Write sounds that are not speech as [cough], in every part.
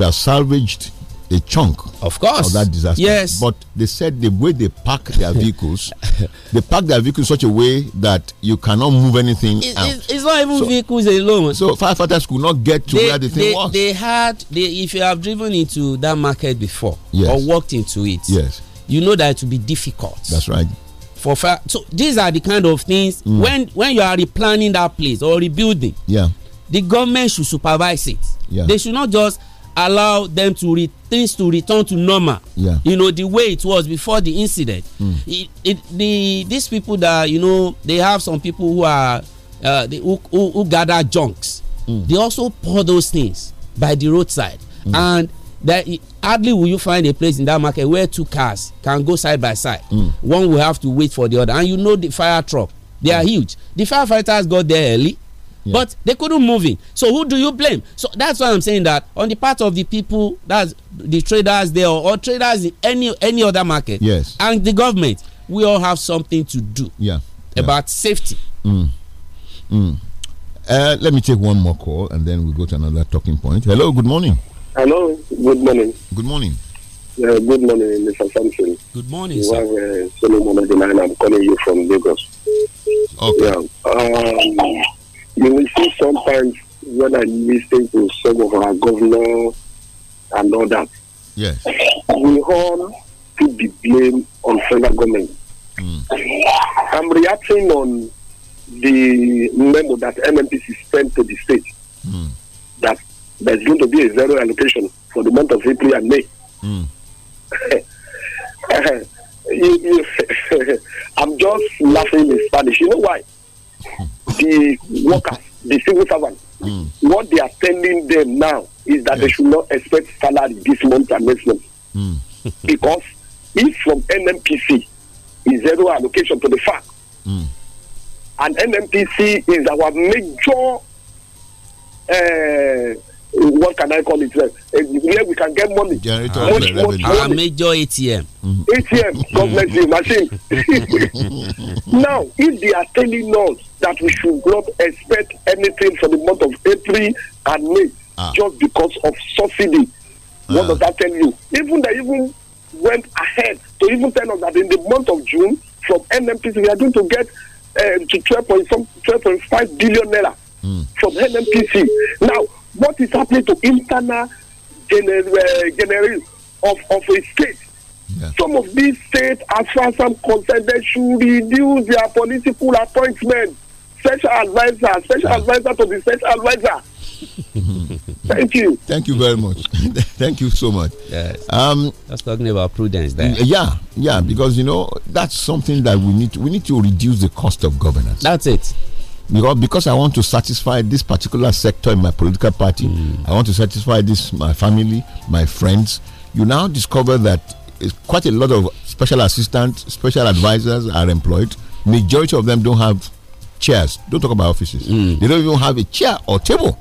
have salvaged a chunk of course of that disaster yes but they said the way they park their [laughs] vehicles they park their vehicles such a way that you cannot move anything it's, it's, it's not even so, vehicles alone so firefighters could not get to they, where the thing they, was they had they, if you have driven into that market before yes. or walked into it yes you know that it will be difficult that's right for fire so these are the kind of things mm. when when you are replanning that place or rebuilding yeah the government should supervise it yeah they should not just allow them to re things to return to normal. Yeah. You know the way it was before the incident. Mm. It, it, the these people that you know they have some people who are uh, they, who, who, who, gather junks. Mm. They also pour those things by the roadside mm. and that hardly will you find a place in that market where two cars can go side by side. Hmm. One will have to wait for the other and you know the fire truck they are hmm. huge. The firefighters got there early but they couldn't move in. So who do you blame? So that's why I'm saying that on the part of the people, that's the traders there or, or traders in any any other market, yes, and the government, we all have something to do, yeah, yeah. about safety. Mm. Mm. Uh, let me take one more call and then we we'll go to another talking point. Hello, good morning. Hello, good morning. Good morning. Uh, good morning, Mr. Good morning, you sir. Have, uh, Solomon I'm calling you from Lagos. Okay. Yeah. Um, you will see sometimes when I listen to some of our governors and all that. Yes. We all put the blame on federal government. Mm. I'm reacting on the memo that MMPC sent to the state mm. that there's going to be a zero allocation for the month of April and May. Mm. [laughs] you, you, [laughs] I'm just laughing in Spanish. You know why? the workers, the civil servants, mm. what they are telling them now is that yes. they should not expect salary this month and next month. Mm. [laughs] because if from NMPC is zero allocation to the farm, mm. and NMPC is our major, uh, what can I call it, uh, where we can get money. Generator uh, much, much money. major ATM. ATM, government machine. [laughs] [laughs] now, if they are telling us that we should not expect anything for the month of April and May ah. just because of subsidy. What ah. does that tell you? Even they even went ahead to even tell us that in the month of June from NMPC we are going to get uh, to 12.5 billion naira mm. from NMPC. Now, what is happening to internal gener- uh, of, of a state? Yeah. Some of these states, as far as I'm concerned, they should reduce their political appointments special advisor, special ah. adviser to the special advisor. [laughs] Thank you. Thank you very much. [laughs] Thank you so much. Yes. Um, Just talking about prudence there. Yeah, yeah, because you know that's something that we need. To, we need to reduce the cost of governance. That's it. Because because I want to satisfy this particular sector in my political party, mm. I want to satisfy this my family, my friends. You now discover that quite a lot of special assistants, special advisors are employed. Majority of them don't have chairs. Don't talk about offices. Mm. They don't even have a chair or table.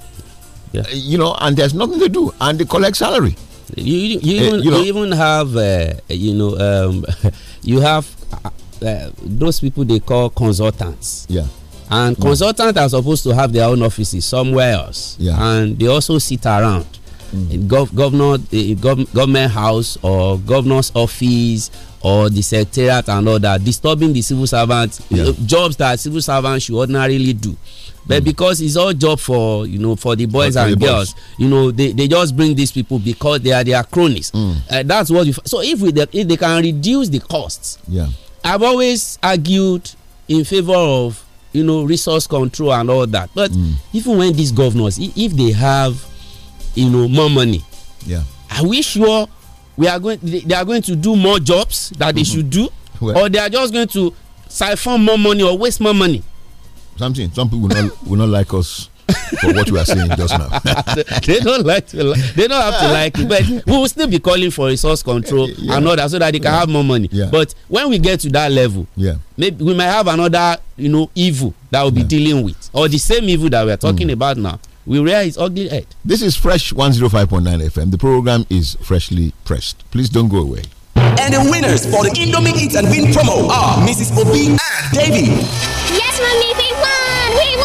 Yeah. Uh, you know, and there's nothing to do, and they collect salary. You, you, you uh, even, you, know, even have, uh, you know, um, [laughs] you have uh, uh, those people they call consultants. Yeah. And hmm. consultants yeah. are supposed to have their own offices somewhere else. Yeah. And they also sit around mm. gov- governor, governor government house or governor's office or the secretariat and all that, disturbing the civil servants, yeah. jobs that civil servants should ordinarily do. But mm. because it's all job for you know for the boys okay, and the girls, boys. you know they, they just bring these people because they are their cronies. Mm. Uh, that's what. You, so if we if they can reduce the costs, yeah, I've always argued in favor of you know resource control and all that. But mm. even when these governors, if they have you know more money yeah are we sure we are going they are going to do more jobs that mm -hmm. they mm-hmm. should do well, or they are just going to siphon more money or waste more money something some people will not will not like us for what we are saying just now. [laughs] they don't like to. They don't have to like it, but we will still be calling for resource control yeah. and other so that they can yeah. have more money. Yeah. But when we get to that level, yeah, maybe we might have another you know evil that we'll be yeah. dealing with, or the same evil that we are talking mm. about now we rear its ugly head. This is Fresh 105.9 FM. The program is freshly pressed. Please don't go away. And the winners for the Indomie Eat and Win promo are Mrs. Obi and Davy. Yes, Mommy, we won! We won!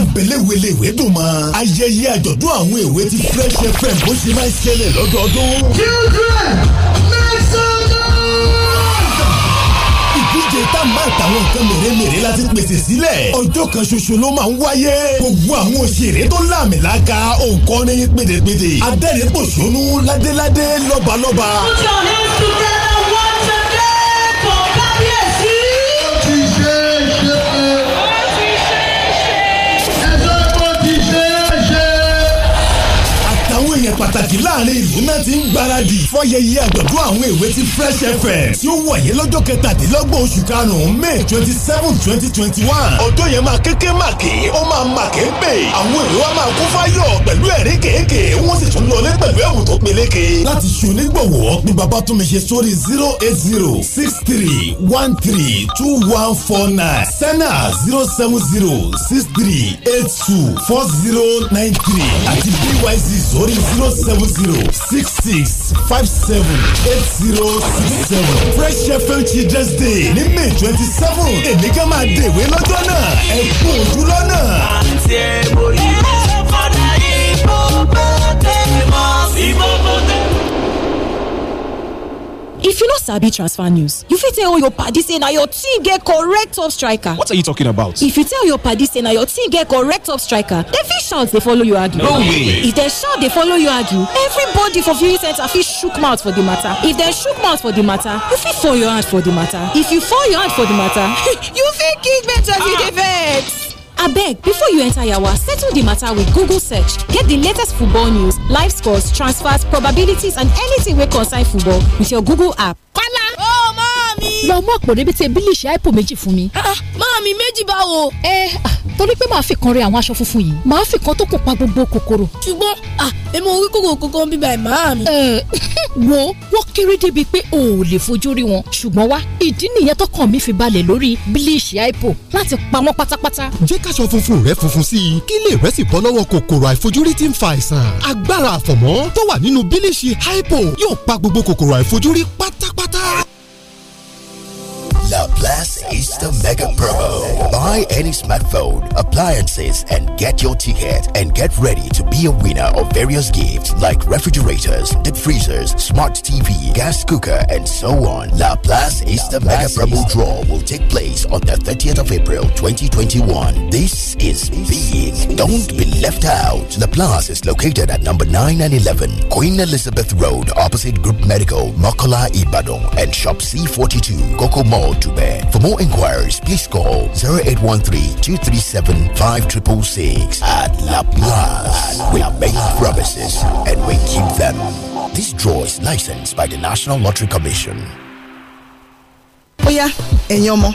àǹbẹ̀lẹ̀wẹ̀lẹ̀ ìwé dùn mọ́. ayẹyẹ àjọ̀dún àwọn èwe ti Fresh FM bó ṣe máa ń ṣẹlẹ̀ lọ́dọọdún. children make some ìdíje tá máa tàwọn nǹkan mèremère láti pèsè sílẹ̀. ọjọ́ kan ṣoṣo ló máa ń wáyé. gbogbo àwọn òṣèré tó láàmìlàaka òǹkọ́ni pédèpédè. adẹ́rìn pòṣónú ládéládé lọ́balọ́ba. ó jọ ní ṣùgbọ́n. pàtàkì láàrin ìlú náà ti ń gbáradì fọyẹyẹ àjọ̀dún àwọn èwe ti fresh fm tí ó wọ̀nyí lọ́jọ́ kẹtàdínlọ́gbọ̀n oṣù karùn-ún may twenty seven twenty twenty one ọjọ́ yẹn máa kéké màkì ó máa màkì ń pè àwọn èrò wa máa kún fáyọ̀ pẹ̀lú ẹ̀rí kéèké wọ́n sì tún lọlé pẹ̀lú ẹ̀wù tó peléke. láti ṣonígbọ̀wọ́ ni bàbá tún mi ṣe sórí zero eight zero six three one three two one four nine sena zero seven zero six three eight two four zero nine three àti byz sórí zero zero seven zero six six five seven eight zero six seven fresh fm children's day ní may twenty seven èmi kan máa dèwé lọ́jọ́ náà ẹ kú ojú lọ́nà. àǹtí ẹ̀ bóyá. if you no sabi transfer news you fit tell all your padi say na your team get correct top striker what are you talking about if you tell your padi say na your team get correct top striker dem fit shout dey follow you argue no way if dem shout dey follow you argue everybody for viewing centre fit shook mouth for di matter if dem shook mouth for di matter you fit fall your hand for di matter if you fall your hand for di matter [laughs] you fit kick better as ah. you dey vex abeg before you enter yawa settle the matter with google search get the latest football news live scores transfers probabilities and anything wey concern football with your google app. kola. Oh! lọ mú àpò rẹ́bí tí bílíṣì àìpò méjì fún mi. Ah, ah, máa mi méjì báwo. ẹ ah, torí pé màá fi kan rẹ àwọn aṣọ funfun yìí màá fi kan tó kò pa gbogbo kòkòrò. ṣùgbọ́n èmi ò rí kòkòrò kankan bíbá ẹ̀ máa mi. [laughs] wo wọ́n kéré débi pé o ò lè fojú rí wọn ṣùgbọ́n wá ìdí nìyẹn tọkàn mi fi balẹ̀ lórí bílíṣì àìpò láti pa wọ́n pátápátá. jẹ́ káṣọ funfun rẹ funfun sí i kí lè rẹ sì bọ́ lọ́wọ́ kòkòrò àìfojúrí tí ń fa àìsàn agbára àfọ̀mọ́ tó wà nínú bílíṣì àìpò yóò pa gbogbo kòkòrò àìfojúrí pátápátá the is Easter Mega Promo. Buy any smartphone, appliances, and get your ticket and get ready to be a winner of various gifts like refrigerators, deep freezers, smart TV, gas cooker, and so on. La Place Easter the Mega Promo draw will take place on the 30th of April 2021. This is big. Don't be left out. La Place is located at number 9 and 11, Queen Elizabeth Road, opposite Group Medical, Mokola Ibadan, and Shop C42, Coco Mall 2. For more inquiries, please call 0813-237-5666 at La We make promises and we keep them. This draw is licensed by the National Lottery Commission. Oya, ẹ̀yin ọmọ.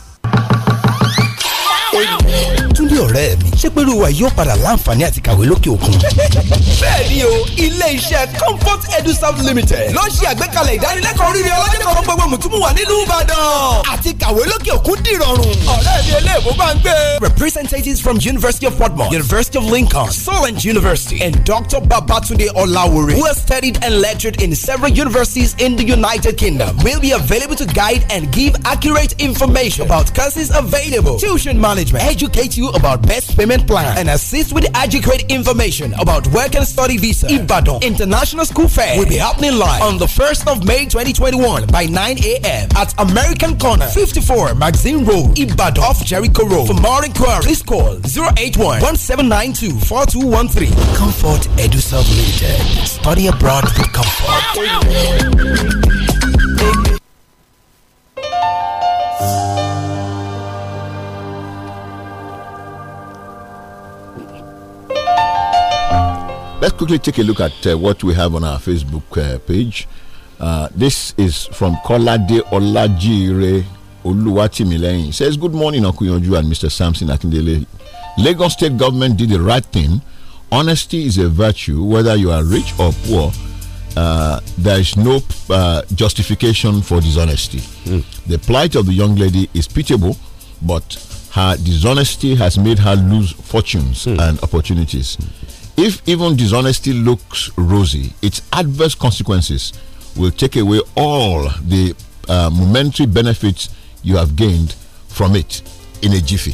Junior Remy. ṣé pẹ̀lú wa yóò padà láǹfààní àti kàwé lókè òkun. bẹ́ẹ̀ni o ilé iṣẹ́ comfort limited ló ṣe àgbékalẹ̀ ìdánilẹ́kọ̀ọ́ rírì ọlọ́jọ́ ìbàdàn àti kàwé lókè òkun dìrọ̀rùn. ọ̀rẹ́ mi bá ń gbé. representatives from university of portmore university of lincoln solent university and dr babatunde olawore who has studied and lectured in several universities in the united kingdom will be available to guide and give accurate information about courses available tuition management educate you about best payment payment plan and assist with adequate information about work and study visa. Ibadan International School Fair will be happening live on the 1st of May 2021 by 9 a.m. at American Corner 54 Magazine Road, Ibadan off Jericho Road. For more inquiries, please call 081 1792 4213. Comfort Edu Limited. Study abroad with comfort. Let's quickly take a look at uh, what we have on our Facebook uh, page. Uh, this is from Kolade Olajire Oluwatimilein. He says, Good morning, Akuyonju and Mr. Samson Akindele. Lagos state government did the right thing. Honesty is a virtue, whether you are rich or poor. Uh, there is no uh, justification for dishonesty. Mm. The plight of the young lady is pitiable, but her dishonesty has made her lose fortunes mm. and opportunities. Mm. If even dishonesty looks rosy, its adverse consequences will take away all the uh, momentary benefits you have gained from it in a jiffy.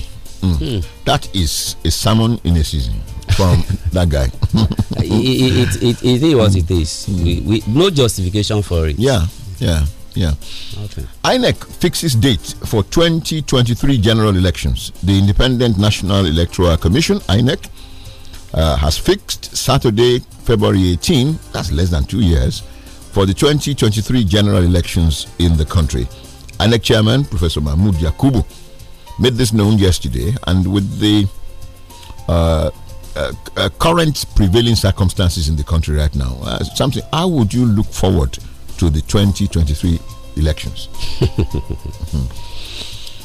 Mm. Hmm. That is a salmon in a season from [laughs] that guy. it, it, it, it is what it is. Mm. We, we, no justification for it. Yeah, yeah, yeah. Okay. INEC fixes date for 2023 general elections. The Independent National Electoral Commission, INEC, uh, has fixed Saturday, February 18, that's less than two years, for the 2023 general elections in the country. ANEC chairman, Professor Mahmoud Yakubu, made this known yesterday, and with the uh, uh, uh current prevailing circumstances in the country right now, uh, something, how would you look forward to the 2023 elections? [laughs]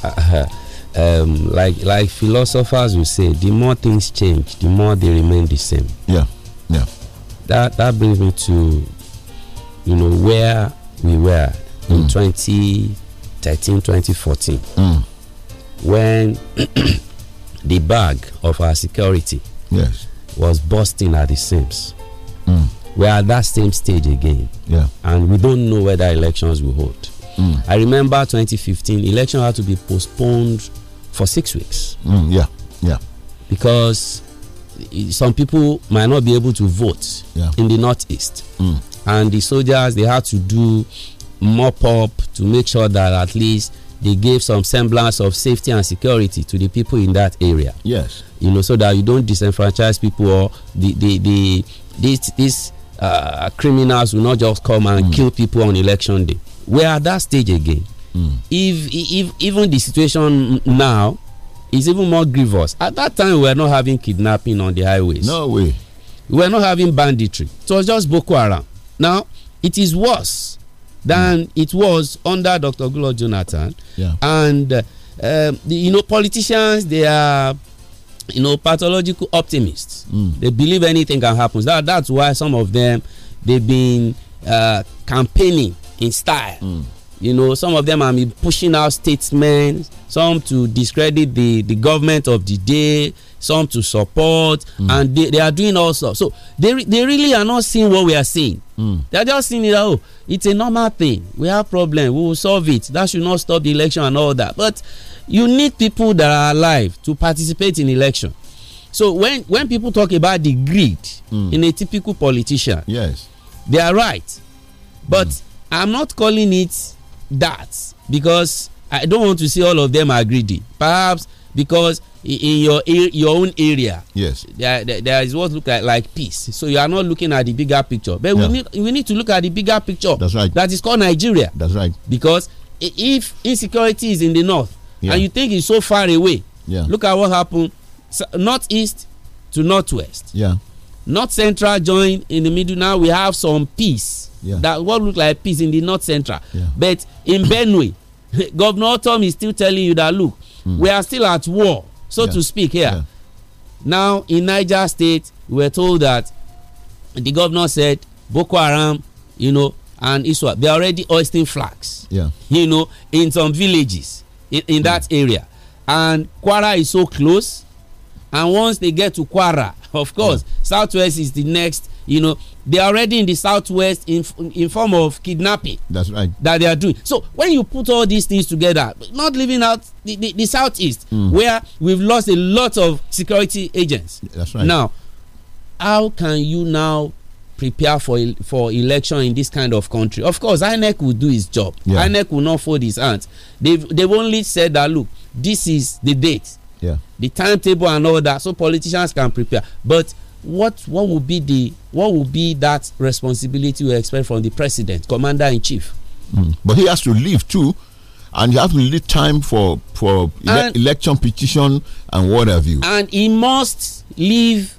-huh um, like like philosophers will say, the more things change, the more they remain the same. Yeah, yeah. That that brings me to, you know, where we were in mm. 2013, 2014, mm. when [clears throat] the bag of our security yes. was busting at the seams. Mm. We are at that same stage again, yeah. and we don't know whether elections will hold. Mm. I remember 2015 election had to be postponed for six weeks. Mm, yeah, yeah. Because some people might not be able to vote yeah. in the northeast, mm. and the soldiers they had to do mop up to make sure that at least they gave some semblance of safety and security to the people in that area. Yes, you know, so that you don't disenfranchise people or the the the these these uh, criminals will not just come and mm. kill people on election day. We are at that stage again. Mm. If, if even the situation now is even more grievous. At that time, we were not having kidnapping on the highways. No way. We were not having banditry. So it was just Boko Haram. Now it is worse than mm. it was under Dr. Gulo Jonathan. Yeah. And uh, um, the, you know, politicians they are you know pathological optimists. Mm. They believe anything can happen. That that's why some of them they've been uh, campaigning in style. Mm you know some of them are pushing out statements some to discredit the the government of the day some to support mm. and they, they are doing all sorts so they they really are not seeing what we are seeing mm. they are just seeing it oh it's a normal thing we have problem we will solve it that should not stop the election and all that but you need people that are alive to participate in election so when when people talk about the greed mm. in a typical politician yes they are right but hmm. i'm not calling it that because I don't want to see all of them are greedy. Perhaps because in your your own area, yes, there, there is what look like, like peace. So you are not looking at the bigger picture. But yeah. we need we need to look at the bigger picture. That's right. That is called Nigeria. That's right. Because if insecurity is in the north yeah. and you think it's so far away, yeah. look at what happened northeast to northwest. Yeah north central join in the middle now we have some peace yeah. that what look like peace in the north central yeah. but in benue [laughs] governor tom is still telling you that look mm. we are still at war so yeah. to speak here now in niger state we are told that the governor said boko haram you know and iswa they are already hoisting flags you know in some villages in, in mm. that area and kwara is so close and once they get to kwara [laughs] of course yeah. southwest is the next you know they are already in the southwest in in form of kidnapping that's right that they are doing so when you put all these things together not leaving out the, the, the southeast mm. where we've lost a lot of security agents that's right now how can you now prepare for for election in this kind of country of course inec will do his job yeah. inec will not fold his hands they've they've only said that look this is the date yeah. the timetable and all that so politicians can prepare but what what will be the what will be that responsibility we expect from the president commander in chief mm. but he has to leave too and you have to leave time for for ele and, election petition and what have you and he must leave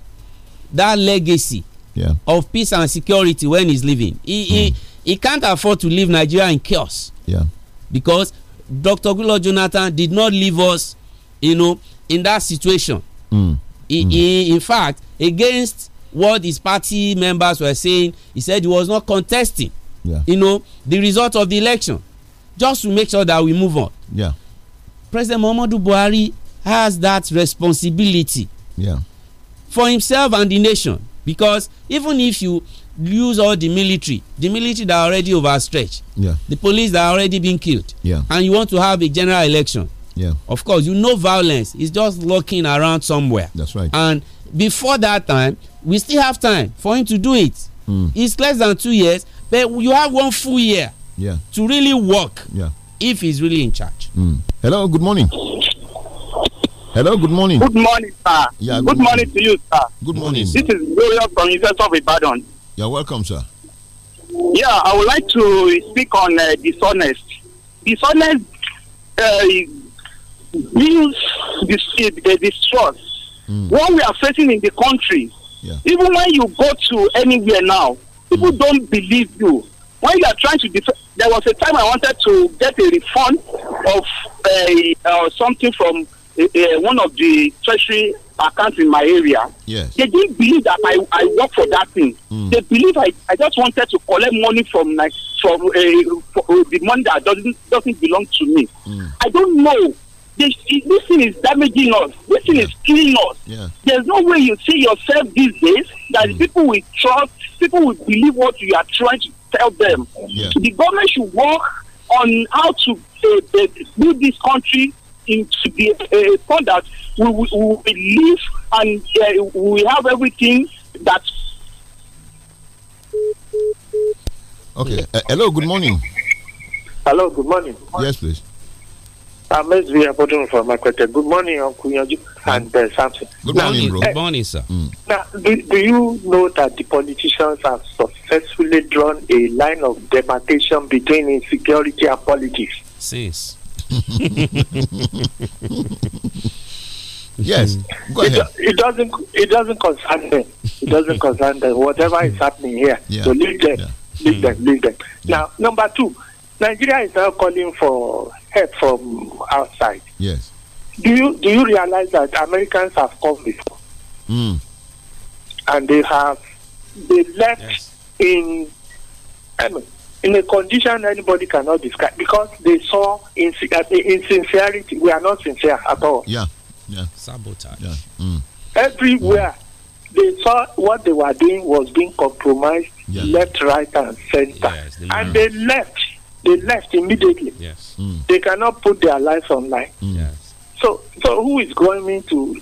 that legacy yeah. of peace and security when he's leaving he, mm. he hmm. he can't afford to leave nigeria in chaos yeah because dr gulo jonathan did not leave us you know in that situation. Mm. mm. He, in fact, against what his party members were saying, he said he was not contesting. Yeah. You know the result of the election, just to make sure that we move on. Yeah. President Muhammadu Buhari has that responsibility. Yeah. For himself and the nation, because even if you lose all the military the military that are already overstretched yeah. the police that are already being killed yeah. and you want to have a general election yeah. Of course, you know violence is just lurking around somewhere. That's right. And before that time, we still have time for him to do it. Mm. It's less than two years, but you have one full year. Yeah. To really work. Yeah. If he's really in charge. Mm. Hello. Good morning. Hello, good morning. Good morning, sir. Yeah, good, good morning. to you, sir. Good morning. This is Gloria from University of Ibadan. You're welcome, sir. Yeah, I would like to speak on uh, dishonest. Dishonest uh, Builds the state the distrust. Mm. What we are facing in the country, yeah. even when you go to anywhere now, people mm. don't believe you. When you are trying to defend, there was a time I wanted to get a refund of a, uh, uh, something from a, uh, a, uh, one of the treasury accounts in my area. Yes. They didn't believe that I, I work for that thing. Mm. They believe I, I just wanted to collect money from like from, a uh, the money that doesn't doesn't belong to me. Mm. I don't know this, this thing is damaging us. This thing yeah. is killing us. Yeah. There's no way you see yourself these days that mm. people will trust, people will believe what you are trying to tell them. Yeah. The government should work on how to uh, uh build this country into the uh, point that we will live and uh, we have everything that. Okay. Uh, hello. Good morning. Hello. Good morning. Yes, please. I'm SB for from question. Good morning, Uncle Yanju and uh, Samson. Good morning, bro. Good morning, sir. Mm. Now, do, do you know that the politicians have successfully drawn a line of demarcation between insecurity and politics? Yes. [laughs] yes, go ahead. It, it, doesn't. It doesn't concern them. It doesn't [laughs] concern them. Whatever is happening here, yeah. so leave them. Yeah. Leave mm. them. Leave them. Yeah. Now, number two, Nigeria is now calling for help from outside. Yes. Do you do you realize that Americans have come before? Mm. And they have they left yes. in I um, mean, in a condition anybody cannot describe because they saw insincerity. Uh, we are not sincere at all. Yeah, yeah. Sabotage. Yeah. Mm. Everywhere mm. they saw what they were doing was being compromised, yeah. left, right, and center, yes, they and they left they left immediately. Yes. Mm. They cannot put their lives online. Mm. Yes. So, so who is going into?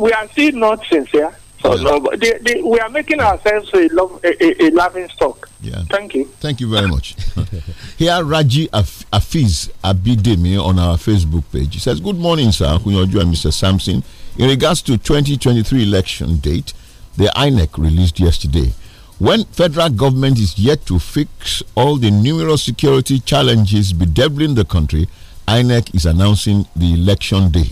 We are still not sincere. So yeah. no, they, they, we are making ourselves a, love, a, a, a loving stock. Yeah. Thank you. Thank you very much. [laughs] Here, Raji Afiz Abidemi on our Facebook page. He says, Good morning, sir, Kunyoju and Mr. Sampson. In regards to 2023 election date, the INEC released yesterday when federal government is yet to fix all the numerous security challenges bedeviling the country, INEC is announcing the election day.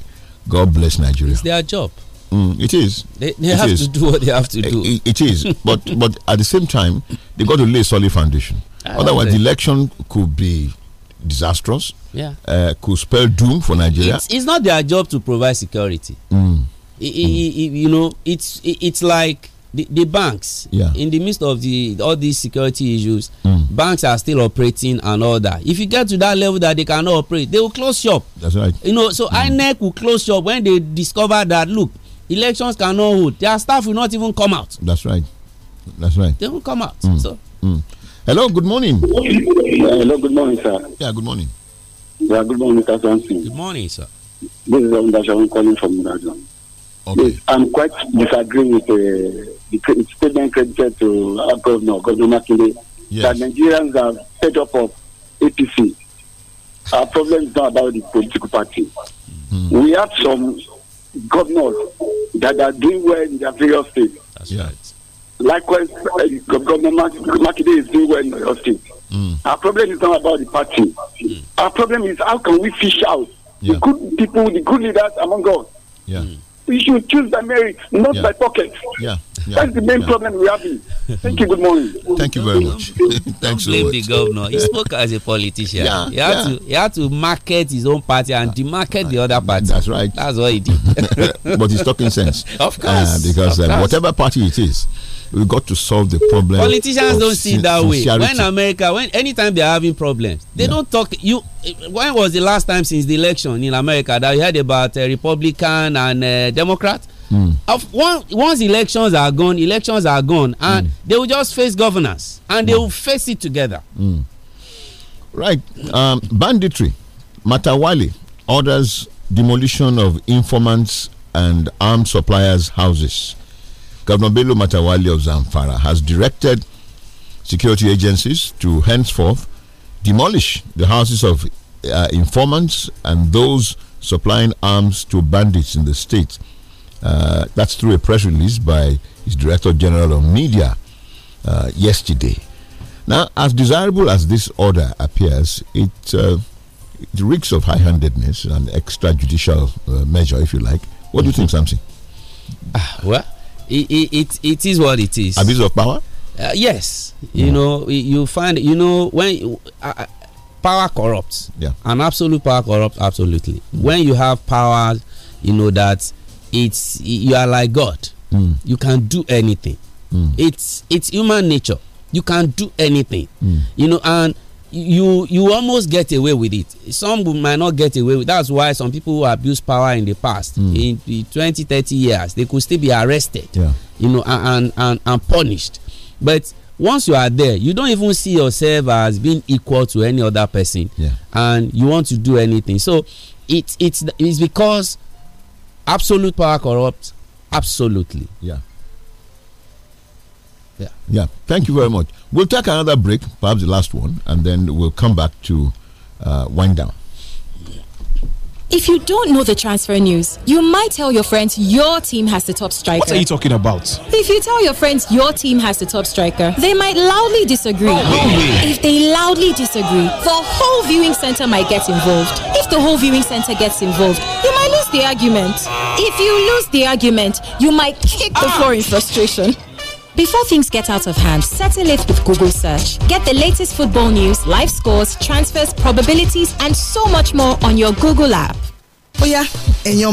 God bless Nigeria. It's their job. Mm, it is. They, they it have is. to do what they have to do. it, it is, but [laughs] but at the same time, they got to lay a solid foundation. I Otherwise, the election could be disastrous. Yeah, uh, could spell doom for Nigeria. It's, it's, not their job to provide security. Mm. It, mm. you know, it's it's like the, banks yeah. in the midst of the all these security issues mm. banks are still operating and all that if you get to that level that they cannot operate they will close shop that's right you know so mm. inec will close shop when they discover that look elections cannot hold their staff will not even come out that's right that's right they will come out mm. so hmm. hello good morning yeah, hello good morning sir yeah good morning yeah good morning sir good morning sir this is I'm calling from Okay. I'm quite disagreeing with uh, the statement credited to our governor, Governor Makinde, yes. that Nigerians are fed up of APC. Our problem is not about the political party. Mm. We have some governors that are doing well in their various states. That's right. Likewise, uh, Governor Makinde is doing well in your state. Mm. Our problem is not about the party. Mm. Our problem is how can we fish out yeah. the good people, the good leaders among us. Yeah. Mm we should choose by merit, not yeah. by pocket. Yeah. yeah. That's the main yeah. problem we have. Thank you. Good morning. Thank you very much. [laughs] [laughs] Thanks do so the governor. He spoke as a politician. Yeah. He had, To, he had to market his own party and demarket the other party. That's right. That's what he did. [laughs] but he's talking sense. of course. Uh, because of uh, course. Uh, whatever party it is, we got to solve the problem. Politicians don't see it that way. When America, when anytime they are having problems, they yeah. don't talk. You, when was the last time since the election in America that you heard about uh, Republican and uh, Democrat? Mm. Of, one, once elections are gone, elections are gone, and mm. they will just face governance, and they hmm. will face it together. Mm. Right, um, banditry, Matawali orders demolition of informants and armed suppliers' houses. Governor Bello Matawali of Zamfara has directed security agencies to henceforth demolish the houses of uh, informants and those supplying arms to bandits in the state. Uh, that's through a press release by his Director General of Media uh, yesterday. Now, as desirable as this order appears, it, uh, it reeks of high handedness and extrajudicial uh, measure, if you like. What do you think, Samson? Ah, well, it, it, it is what it is. Abuse of power? Uh, yes. You hmm. know, you find, you know, when uh, uh power corrupts. Yeah. And absolute power corrupts, absolutely. Mm. When you have power, you know that it's, you are like God. Mm. You can do anything. Hmm. It's, it's human nature. You can do anything. Hmm. You know, and you you almost get away with it some might not get away with that's why some people who abuse power in the past mm. in, in 20 30 years they could still be arrested yeah. you know and, and and punished but once you are there you don't even see yourself as being equal to any other person yeah. and you want to do anything so it it's it's because absolute power corrupts absolutely yeah yeah. Yeah. Thank you very much. We'll take another break, perhaps the last one, and then we'll come back to uh, wind down. If you don't know the transfer news, you might tell your friends your team has the top striker. What are you talking about? If you tell your friends your team has the top striker, they might loudly disagree. Oh, If they loudly disagree, the whole viewing center might get involved. If the whole viewing center gets involved, you might lose the argument. If you lose the argument, you might kick the ah! floor in frustration. Before things get out of hand, settle it with Google search. Get the latest football news, live scores, transfers, probabilities, and so much more on your Google app. Oh yeah, and your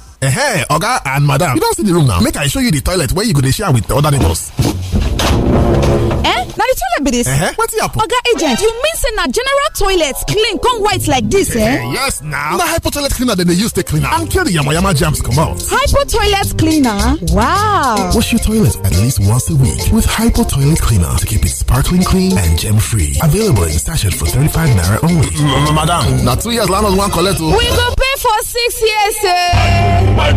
eh oga and madam you don see the room now make i show you the toilet where you go dey share with other neighbors. eh na the toilet be dis wetin happen. oga agent you mean say na general toilet clean come white like this? eh, eh yes na na hypo toilet cleaner dem dey use take clean am and kill the yamayama germs comot hypo toilet cleaner wow wash your toilet at least once a week with hypo toilet cleaner to keep it sparkling clean and germ free available in sachet for 35 naira only madam na two years landlord wan collect o we go pay for six years eh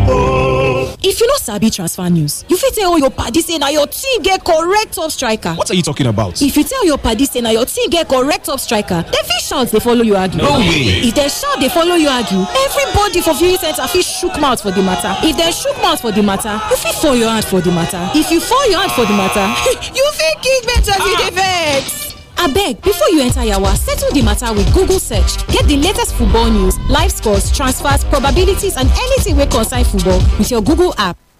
if you no sabi transfer news you fit tell all your parties say na your team get correct correct top striker. what are you talking about. if you tell your padi say na your team get correct top striker They fit shout dey follow you argue. no way. if dem shout dey follow you argue everybody for viewing centre fit shook mouth for the matter. if dem shook mouth for the matter you fit fall your hand for the matter. if you fall your hand for the matter [laughs] you fit kick better. to you ah. dey I abeg before you enter yawa settle the matter with google search get the latest football news live scores transfers probabilities and anything we concern football with your google app.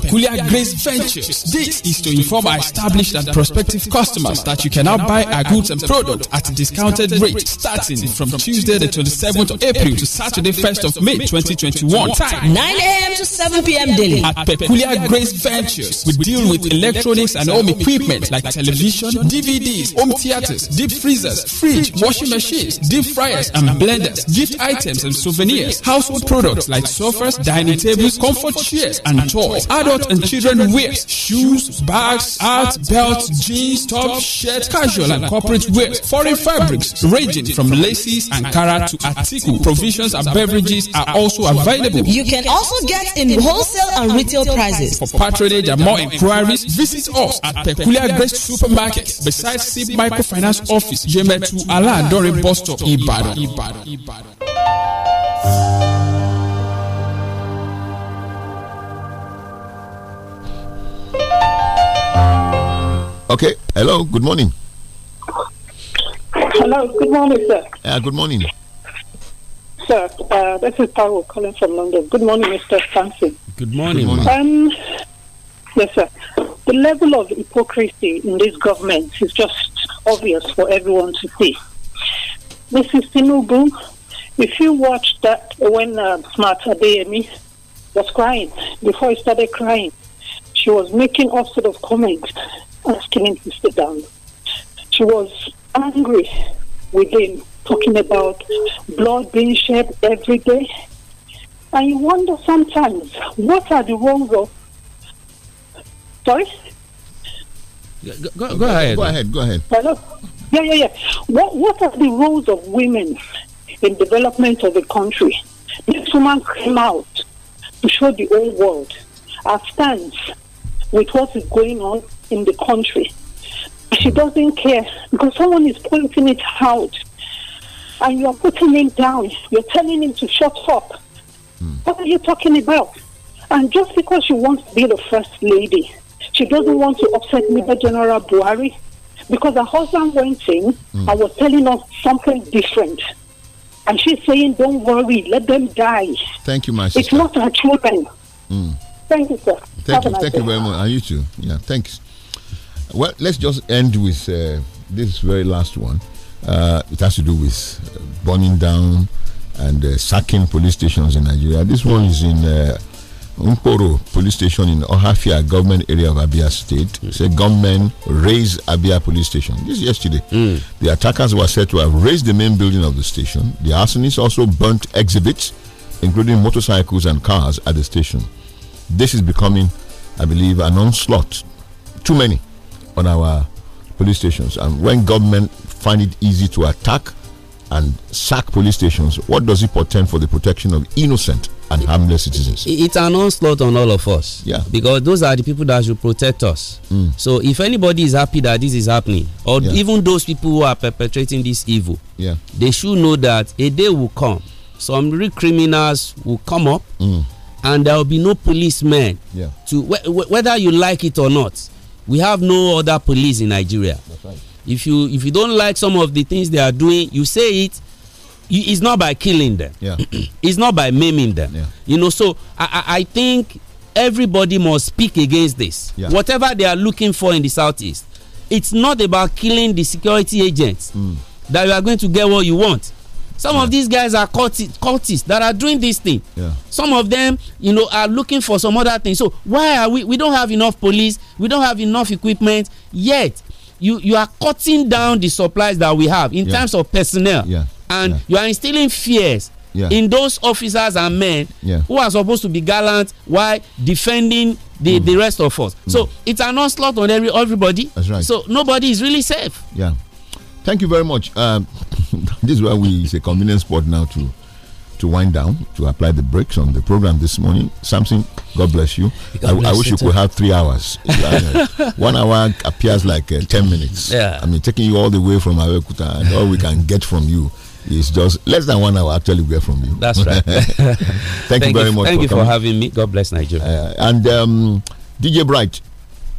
Peculiar Grace Ventures. This is to inform our established and prospective customers that you can now buy our goods and products at a discounted rate starting from Tuesday the 27th of April to Saturday 1st of May 2021. Time 9 a.m. to 7 p.m. daily. At Peculiar Grace Ventures, we deal with electronics and home equipment like television, DVDs, home theaters, deep freezers, fridge, washing machines, deep fryers and blenders, gift items and souvenirs, household products like sofas, dining tables, comfort chairs and toys. Add Adult and children wear, shoes, bags, hats, belts, jeans, tops, shirts, casual and corporate wear. foreign fabrics ranging from laces and kara to article. Provisions and beverages are also available. You can also get in wholesale and retail prices. For patronage and more inquiries, visit us at Peculiar Best Supermarket besides SIP Microfinance Office, Jembe 2 Aladore Bus Stop, Ibadan. Ibadan. Okay. Hello. Good morning. Hello. Good morning, sir. Uh, good morning. Sir, uh, this is Paul calling from London. Good morning, Mr. Sampson. Good morning. Good morning. Um, yes, sir. The level of hypocrisy in this government is just obvious for everyone to see. Mrs. Tinubu, if you watched that when uh, Smart Adeyemi was crying, before he started crying, she was making all sort of comments, asking him to sit down. She was angry with him, talking about blood being shed every day. And you wonder sometimes, what are the wrongs of... Sorry? go, go, ahead. Go ahead. Go ahead. Hello? Yeah, yeah, yeah. What, what are the roles of women in development of the country? This woman came out to show the whole world our stance with what is going on in the country. She doesn't care because someone is pointing it out and you're putting him down. You're telling him to shut up. Mm. What are you talking about? And just because she wants to be the first lady, she doesn't want to upset Mr. General Buhari because her husband went in mm. and was telling us something different. And she's saying, don't worry, let them die. Thank you, my sister. It's not her children. Mm. Thank you, sir. Thank Have you. thank day. you very much. And you too. Yeah, thanks. Well, let's just end with uh, this very last one. Uh, it has to do with uh, burning down and uh, sacking police stations in Nigeria. This one is in uh, Umporo police station in Ohafia government area of Abia state. Mm. Say government raised Abia police station. This yesterday. Mm. The attackers were said to have raised the main building of the station. The arsonists also burnt exhibits, including motorcycles and cars at the station this is becoming, I believe, an onslaught. Too many on our police stations. And when government find it easy to attack and sack police stations, what does it portend for the protection of innocent and harmless citizens? It's an onslaught on all of us. Yeah. Because those are the people that should protect us. Mm. So if anybody is happy that this is happening, or yeah. even those people who are perpetrating this evil, yeah. they should know that a day will come. Some real criminals will come up. Mm and there will be no policemen yeah. to wh whether you like it or not we have no other police in nigeria right. if you if you don't like some of the things they are doing you say it it's not by killing them yeah. [clears throat] it's not by maiming them yeah. you know so I, I, I think everybody must speak against this whatever they are looking for in the southeast it's not about killing the security agents mm. that you are going to get what you want some yeah. of these guys are cultists, cultists that are doing this thing. Yeah. Some of them, you know, are looking for some other thing. So why are we? We don't have enough police. We don't have enough equipment yet. You you are cutting down the supplies that we have in yeah. terms of personnel. And you are instilling fears yeah. in those officers and men yeah. who are supposed to be gallant while defending the, mm. the rest of us. Mm. So mm-hmm. it's an onslaught on every everybody. Right. So nobody is really safe. Yeah. Thank you very much. Um, [laughs] this is why we it's a convenient spot now to to wind down to apply the brakes on the program this morning. Samson, God bless you. God I, bless I, wish you could have three hours. [laughs] One hour appears like uh, ten minutes. Yeah. I mean, taking you all the way from Abeokuta and all we can [laughs] get from you it's just less than one hour actually we get from you. That's right. thank, thank, you very much. Thank for you for coming. having me. God bless Nigeria. Uh, and um, DJ Bright,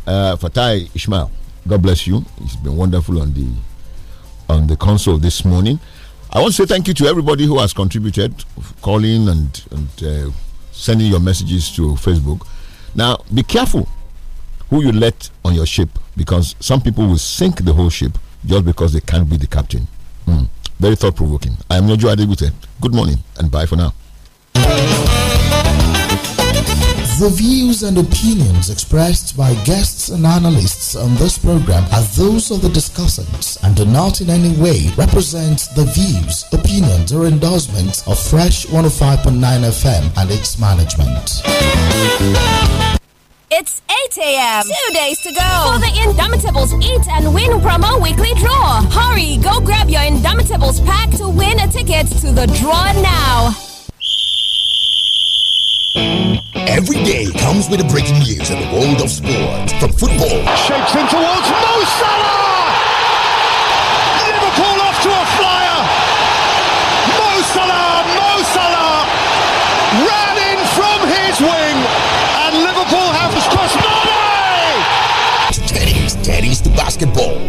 uh, Fatai Ishmael, God bless you. It's been wonderful on the on the console this morning. I want to say thank you to everybody who has contributed, calling and, and uh, sending your messages to Facebook. Now, be careful who you let on your ship because some people will sink the whole ship just because they can't be the captain. Mm. Very thought provoking. I am Nojo Adegute. Good morning and bye for now. The views and opinions expressed by guests and analysts on this program are those of the discussants and do not in any way represent the views, opinions, or endorsements of Fresh 105.9 FM and its management. It's 8 a.m. Two days to go. For the Indomitables Eat and Win promo weekly draw. Hurry, go grab your Indomitables pack to win a ticket to the draw now. Every day comes with a breaking news in the world of sports. From football, shapes in towards Mo Salah. Liverpool off to a flyer. Mo Salah, Mo Salah ran in from his wing, and Liverpool have crossed Mane. Tennis, tennis to basketball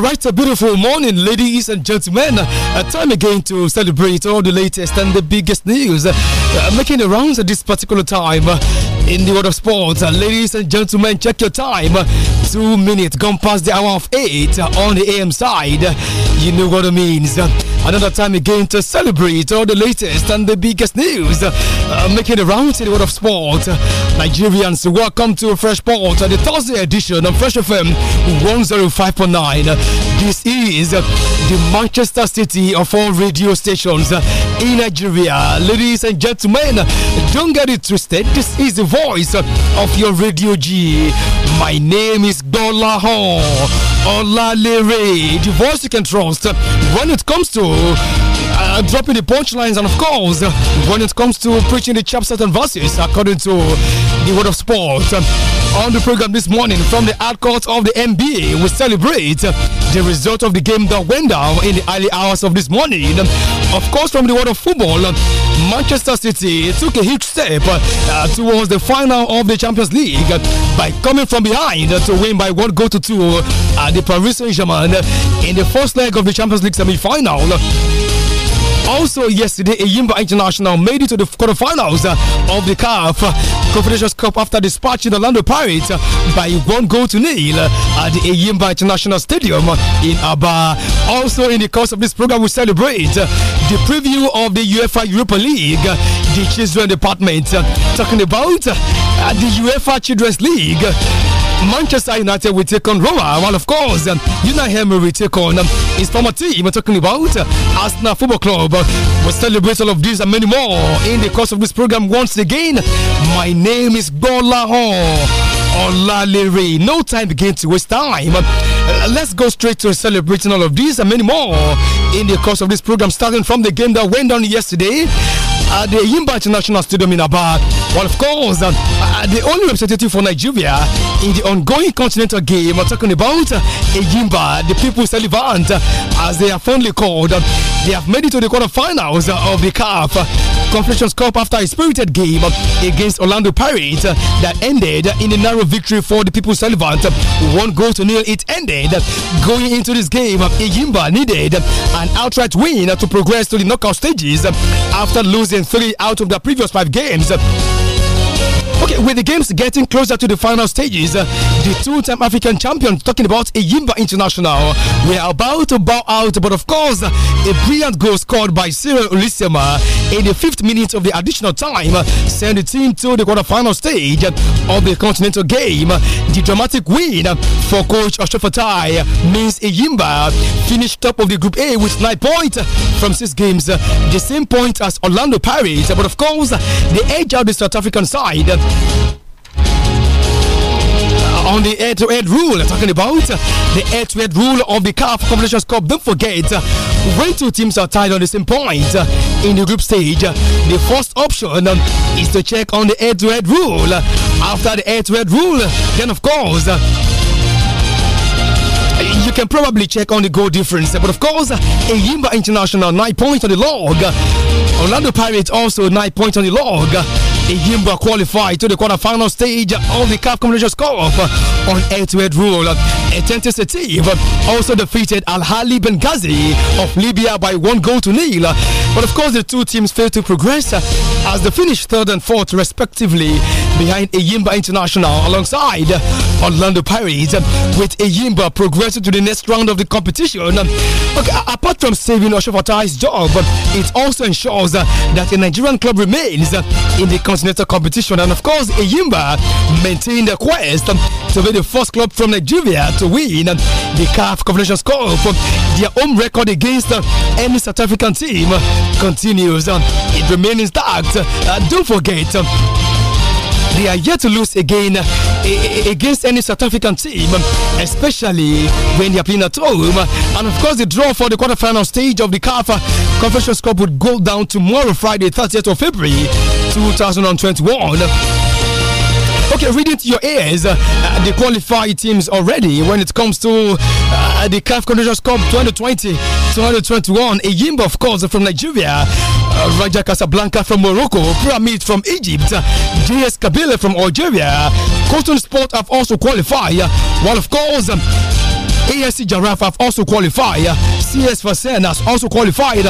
All right, a beautiful morning, ladies and gentlemen. time again to celebrate all the latest and the biggest news uh, making the rounds at this particular time uh, in the world of sports. Uh, ladies and gentlemen, check your time. Two minutes gone past the hour of eight on the AM side. You know what it means. Another time again to celebrate all the latest and the biggest news uh, making the rounds in the world of sport. Nigerians, welcome to Fresh Sport, the Thursday edition of Fresh FM 105.9. This is the Manchester City of all radio stations in Nigeria. Ladies and gentlemen, don't get it twisted. This is the voice of your Radio G. My name is Dola Hall. Olalere, the voice you can trust when it comes to uh, dropping the punchlines and, of course, when it comes to preaching the chapters and verses according to the word of sport. On the program this morning from the outcourt of the NBA, we celebrate the result of the game that went down in the early hours of this morning. Of course, from the world of football, Manchester City took a huge step uh, towards the final of the Champions League by coming from behind to win by one goal to two at ah, the Paris Saint Germain in the first leg of the Champions League semi final. Also, yesterday, a Yimba International made it to the quarterfinals of the CAF Confederations Cup after dispatching Orlando Pirates by one goal to nil at the Yimba International Stadium in Aba. Also, in the course of this program, we celebrate the preview of the UEFA Europa League, the Children's Department, talking about the UEFA Children's League. Manchester United will take on Roma. Well, of course, um, United will take on um, his former team. We're talking about uh, Arsenal Football Club. Uh, we'll celebrate all of these and many more in the course of this program once again. My name is Gola Hall. No time again to waste time. Uh, let's go straight to celebrating all of these and many more in the course of this program, starting from the game that went on yesterday at uh, the Yimba International Stadium in Abad. Well, of course, uh, uh, the only representative for Nigeria in the ongoing continental game. I'm talking about uh, Yimba, the people's elephant, uh, as they are fondly called. Uh, they have made it to the quarterfinals uh, of the CAF. Uh, Confessions Cup after a spirited game uh, against Orlando Pirates that ended in a narrow victory for the People's Elephant. One goal to nil, it ended. Going into this game, Iyimba needed an outright win to progress to the knockout stages after losing three out of the previous five games. Okay, with the games getting closer to the final stages, uh, the two-time African champion talking about a Yimba International, we are about to bow out, but of course, a brilliant goal scored by Cyril Ulissema in the fifth minute of the additional time sent the team to the quarter-final stage of the continental game. The dramatic win for coach Oshofatai means a Yimba finished top of the Group A with nine points from six games, the same point as Orlando Pirates, but of course, the edge of the South African side on the head to head rule, talking about the head to head rule of the CAF Confederations Cup. Don't forget, when two teams are tied on the same point uh, in the group stage, uh, the first option uh, is to check on the head to head rule. After the head to head rule, then of course, you can probably check on the goal difference. But of course, Yimba International, nine points on the log. Orlando Pirates also nine points on the log. Ihimba qualified to the quarterfinal stage of the Cup Combinations Cup on eight-weight rule. Attentive also defeated Al halib Benghazi of Libya by one goal to nil. But of course, the two teams failed to progress as they finished third and fourth respectively behind Ayimba International alongside Orlando Pirates with Ayimba progressing to the next round of the competition. Okay, apart from saving Oshofatai's job, it also ensures that a Nigerian club remains in the continental competition. And of course, Ayimba maintained the quest to be the first club from Nigeria to win the CAF Confederation Cup. Their home record against any South African team continues. It remains intact. Uh, don't forget, they are yet to lose again against any South African team, especially when they are playing at home. And of course, the draw for the quarterfinal stage of the CAF Confessions Cup would go down tomorrow, Friday, 30th of February, 2021. Okay, reading to your ears, uh, uh the qualified teams already when it comes to uh, the CAF Conditions Cup 2020 2021. Yimba, of course, from Nigeria. Uh, Raja Casablanca from Morocco, Pyramid from Egypt, JS Kabila from Algeria, Cotton Sport have also qualified, while of course a S C Giraffe have also qualified. CS Fasen has also qualified.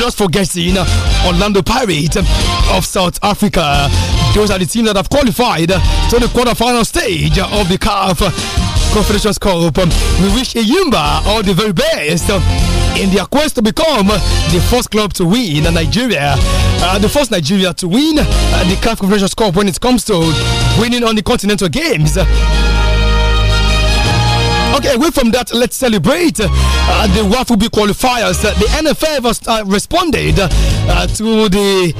Not forgetting Orlando Pirates of South Africa. Those are the teams that have qualified to the quarterfinal stage of the CAF Confederations Cup. We wish Iyimba all the very best in their quest to become the first club to win Nigeria, uh, the first Nigeria to win uh, the CAF Confederations Cup when it comes to winning on the continental games. Okay, away from that, let's celebrate uh, the Wafubi qualifiers. Uh, the NFF has uh, responded uh, to the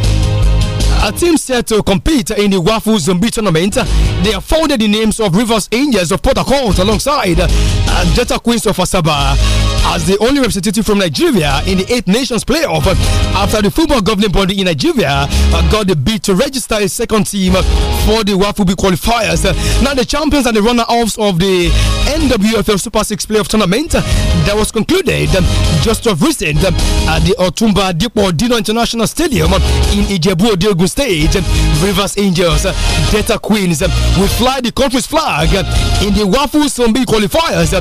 a uh, team set to compete in the Wafu Zombi tournament. They are founded the names of Rivers Angels of Port Harcourt alongside uh, Jetta Queens of Asaba as the only representative from Nigeria in the Eight Nations playoff after the football governing body in Nigeria uh, got the bid to register a second team for the WAFU qualifiers. Now, the champions and the runner ups of the NWFL Super Six playoff tournament uh, that was concluded um, just of recent um, at the Otumba Dipo Dino International Stadium uh, in Ijebu Odeogun State. Um, Rivers Angels, Delta Queens will fly the country's flag in the Wafu Sombi qualifiers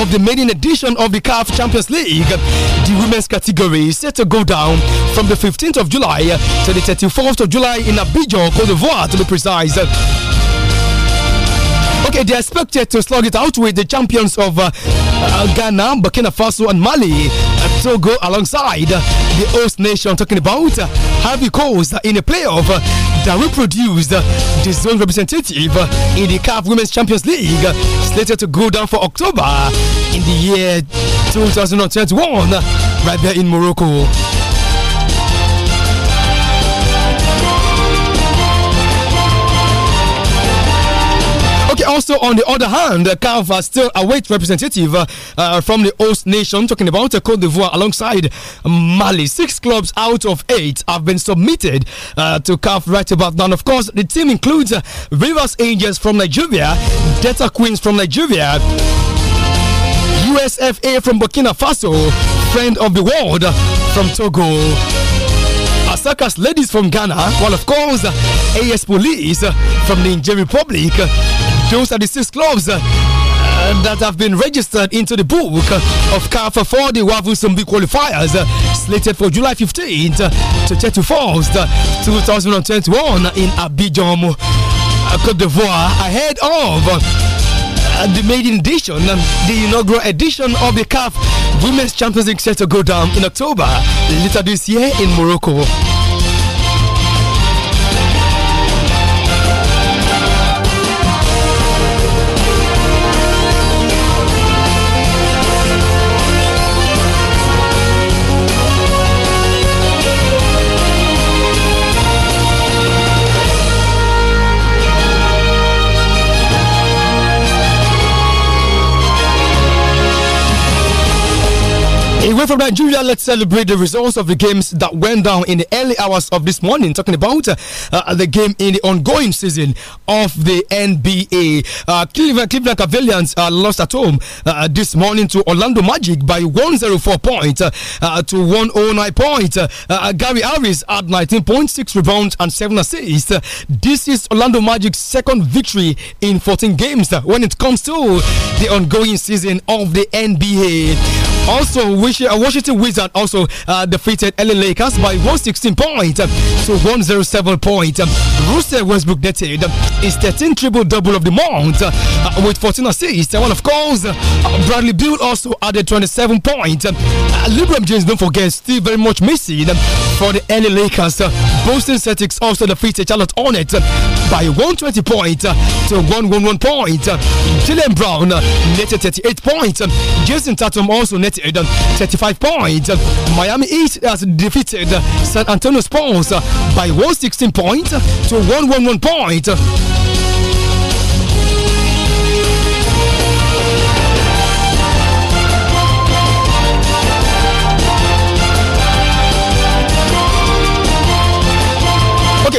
of the maiden edition of the CAF CAF Champions League, the women's category is set to go down from the 15th of July to the 34th of July in Abidjan, Cote d'Ivoire to be precise. Okay, they're expected to slug it out with the champions of uh, uh, Ghana, Burkina Faso, and Mali. Uh, go alongside the host nation, talking about uh, Harvey Coles in a playoff uh, that reproduced uh, the zone representative in the CAF Women's Champions League, slated to go down for October in the year 2021, right there in Morocco. Also, on the other hand, CAF still await representative uh, from the host nation, talking about uh, Cote d'Ivoire alongside Mali. Six clubs out of eight have been submitted uh, to CAF right about now. And of course, the team includes Rivers Angels from Nigeria, Delta Queens from Nigeria. USFA from Burkina Faso, friend of the world from Togo, Asaka's ladies from Ghana, while of course AS Police from the Niger Republic, those are the six clubs. Uh, that have been registered into the book of CAF for the Wavusumbi qualifiers uh, slated for July 15th uh, to 31st, uh, 2021 in Abidjan, uh, Cote d'Ivoire, ahead of the maiden edition, um, the inaugural edition of the CAF Women's Champions League set to go down in October later this year in Morocco. Away from Nigeria, let's celebrate the results of the games that went down in the early hours of this morning. Talking about uh, the game in the ongoing season of the NBA. Uh, Cleveland, Cleveland Cavaliers uh, lost at home uh, this morning to Orlando Magic by 104 points uh, uh, to 109 points. Gary Harris had 19.6 rebounds and 7 assists. This is Orlando Magic's second victory in 14 games when it comes to the ongoing season of the NBA. Also, uh, Washington Wizards also uh, defeated LA Lakers by 116 points to 107 points. Russell Westbrook netted uh, his 13 triple double of the month uh, with 14 assists. And well, of course, uh, Bradley Beal also added 27 points. Uh, LeBron James, don't forget, still very much missing uh, for the LA Lakers. Boston Celtics also defeated Charlotte Hornets by 120 points to 111 points. Jalen Brown netted 38 points. Jason Tatum also netted defeated uh, 35 points. Miami Heat has defeated uh, San Antonio Spurs uh, by 116 points to 111 points.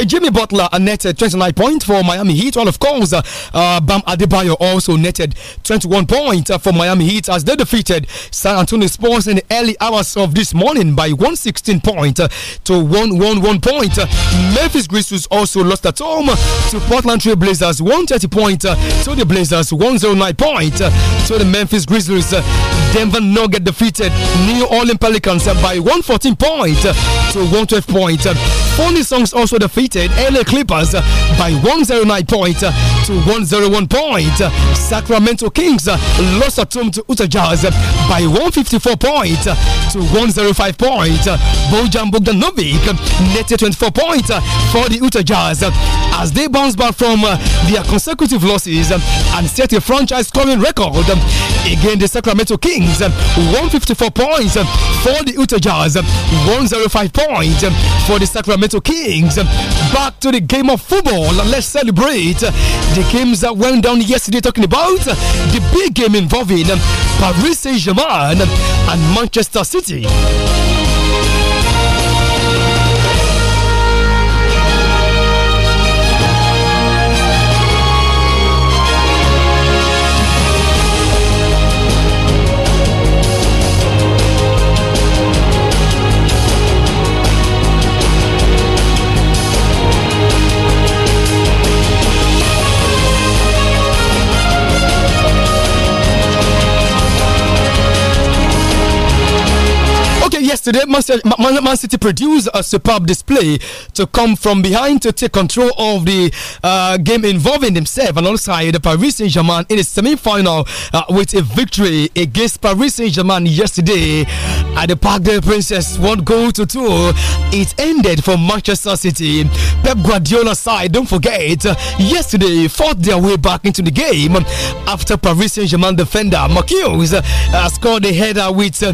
Okay, uh, Jimmy Butler uh, netted 29 points for Miami Heat. Well, of course, uh, uh Bam Adebayo also netted 21 points for Miami Heat as they defeated San Antonio Spurs in the early hours of this morning by 116 points to 111 point. Memphis Grizzlies also lost at home to Portland Trail Blazers 130 points to the Blazers 109 points to the Memphis Grizzlies. Denver Nuggets defeated New Orleans Pelicans by 114 points to 112 points. Phony Songs also defeated defeated LA Clippers by 109 points to 101 points. Sacramento Kings lost at home to Utah Jazz by 154 points to 105 points. Bojan Bogdanovic netted 24 points for the Utah Jazz as they bounce back from their consecutive losses and set a franchise scoring record. Again, the Sacramento Kings 154 points for the Utah Jazz, 105 points for the Sacramento Kings back to the game of football. Let's celebrate the games that went down yesterday, talking about the big game involving Paris Saint Germain and Manchester City. Yesterday, Man City produced a superb display to come from behind to take control of the uh, game involving themselves alongside the Paris Saint Germain in the semi final uh, with a victory against Paris Saint Germain yesterday at the Parc des Princes. One goal to two. It ended for Manchester City. Pep Guardiola side, don't forget, yesterday fought their way back into the game after Paris Saint Germain defender Marquinhos uh, scored a header with uh,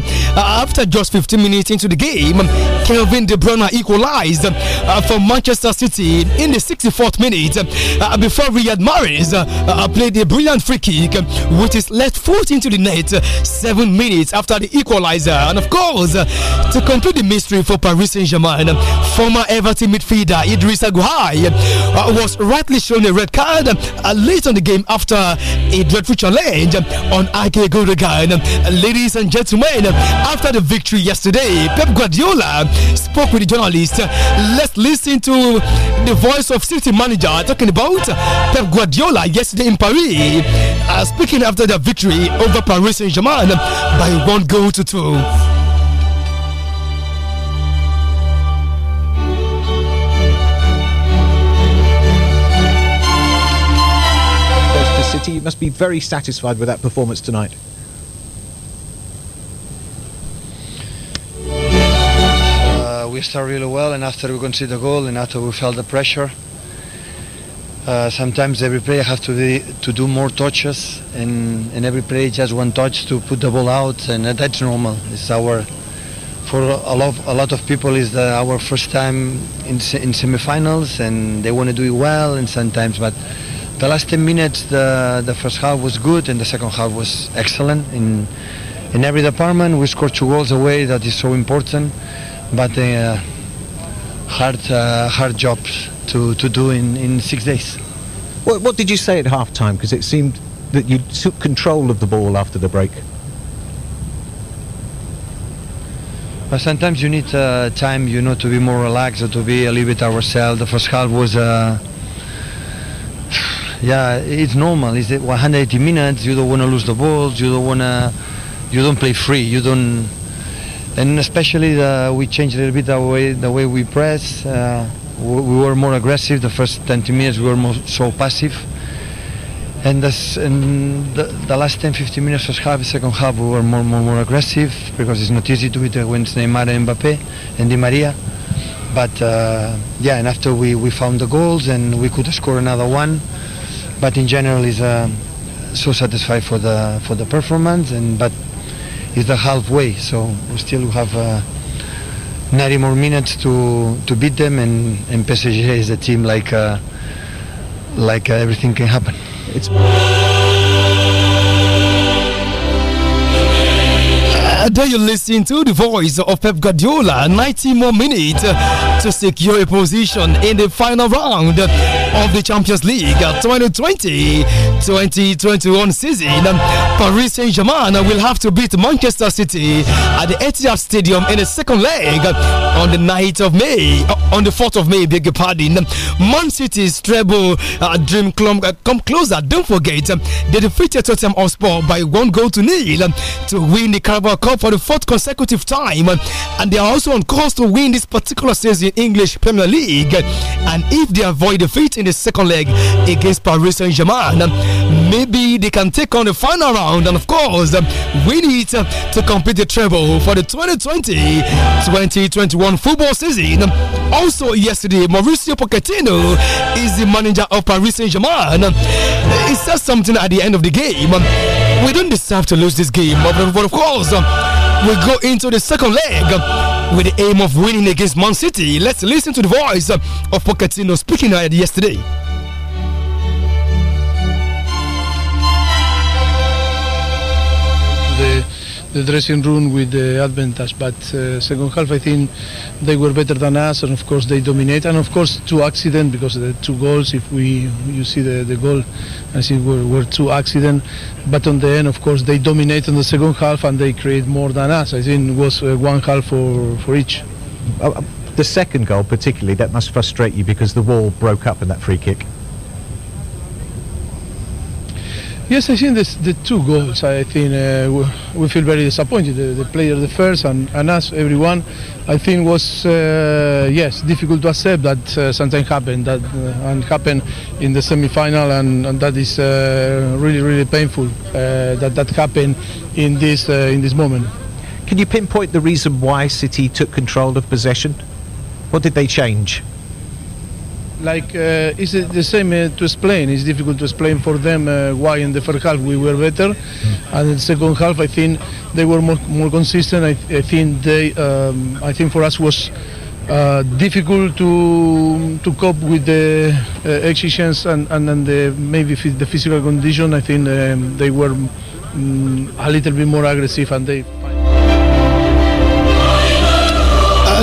after just 15 minutes into the game, Kelvin De Bruyne equalized uh, for Manchester City in the 64th minute uh, before Riyad Mahrez uh, played a brilliant free kick with his left foot into the net seven minutes after the equalizer. And of course, to complete the mystery for Paris Saint-Germain, former Everton midfielder Idrissa Gueye uh, was rightly shown a red card uh, late on the game after a dreadful challenge on Ake Godegan. Ladies and gentlemen, after the victory yesterday, today, Pep Guardiola spoke with the journalist. Let's listen to the voice of City manager talking about Pep Guardiola yesterday in Paris, uh, speaking after the victory over Paris Saint Germain by one goal to two. City must be very satisfied with that performance tonight. we start really well, and after we concede the goal, and after we felt the pressure, uh, sometimes every player has to to do more touches, and, and every player just one touch to put the ball out, and that's normal. It's our for a lot, a lot of people is the, our first time in, in semifinals, and they want to do it well, and sometimes, but the last 10 minutes, the, the first half was good, and the second half was excellent in in every department. We scored two goals away, that is so important but uh, hard, uh, hard job to, to do in, in six days. What, what did you say at half time? Because it seemed that you took control of the ball after the break. But sometimes you need uh, time, you know, to be more relaxed, to be a little bit ourselves. The first half was, uh, [sighs] yeah, it's normal. It's 180 minutes. You don't want to lose the ball. You don't want to, you don't play free. You don't and especially the, we changed a little bit the way the way we press. Uh, we, we were more aggressive. The first 20 minutes we were more, so passive, and, this, and the, the, last 10, 15 minutes first half, second half we were more, more, more aggressive because it's not easy to hit against Neymar and Mbappe and Di Maria. But uh, yeah, and after we, we found the goals and we could score another one. But in general, is uh, so satisfied for the for the performance and but is the halfway. So we still have uh, 90 more minutes to to beat them, and and PSG is a team like uh, like uh, everything can happen. It's there uh, you listen to the voice of Pep Guardiola, 90 more minutes to secure a position in the final round of the Champions League 2020-2021 season. Paris Saint-Germain will have to beat Manchester City at the Etihad Stadium in the second leg on the night of May, uh, on the 4th of May, beg your pardon. Man City's treble uh, dream club uh, come closer. Don't forget, they defeated Tottenham Hotspur by one goal to nil to win the Carabao Cup for the fourth consecutive time. and they are also on course to win this particular season English Premier League. And if they avoid defeat, in the second leg against Paris Saint Germain. Maybe they can take on the final round and, of course, we need to complete the treble for the 2020 2021 football season. Also, yesterday, Mauricio Pochettino is the manager of Paris Saint Germain. He said something at the end of the game. We don't deserve to lose this game, but of course, we go into the second leg with the aim of winning against Man City. Let's listen to the voice of Pochettino speaking yesterday. the dressing room with the advantage. But uh, second half, I think they were better than us, and of course they dominate. And of course, two accident because the two goals. If we you see the, the goal, I see were, were two accident. But on the end, of course, they dominate in the second half and they create more than us. I think it was uh, one half for for each. Uh, uh, the second goal, particularly, that must frustrate you because the wall broke up in that free kick. Yes, I think this, the two goals. I think uh, we, we, feel very disappointed. The, the, player, the first, and, and us, everyone. I think was uh, yes difficult to accept that uh, something happened that uh, and happened in the semi-final, and, and that is uh, really really painful uh, that that happened in this in this moment. Can you pinpoint the reason why City took control of possession? What did they change? like uh, it the same uh, to explain. It's difficult to explain for them uh, why in the first half we were better, hmm. and in the second half I think they were more, more consistent. I, I think they, um, I think for us was uh, difficult to to cope with the uh, exigence and, and, and the, maybe the physical condition. I think um, they were um, a little bit more aggressive and they.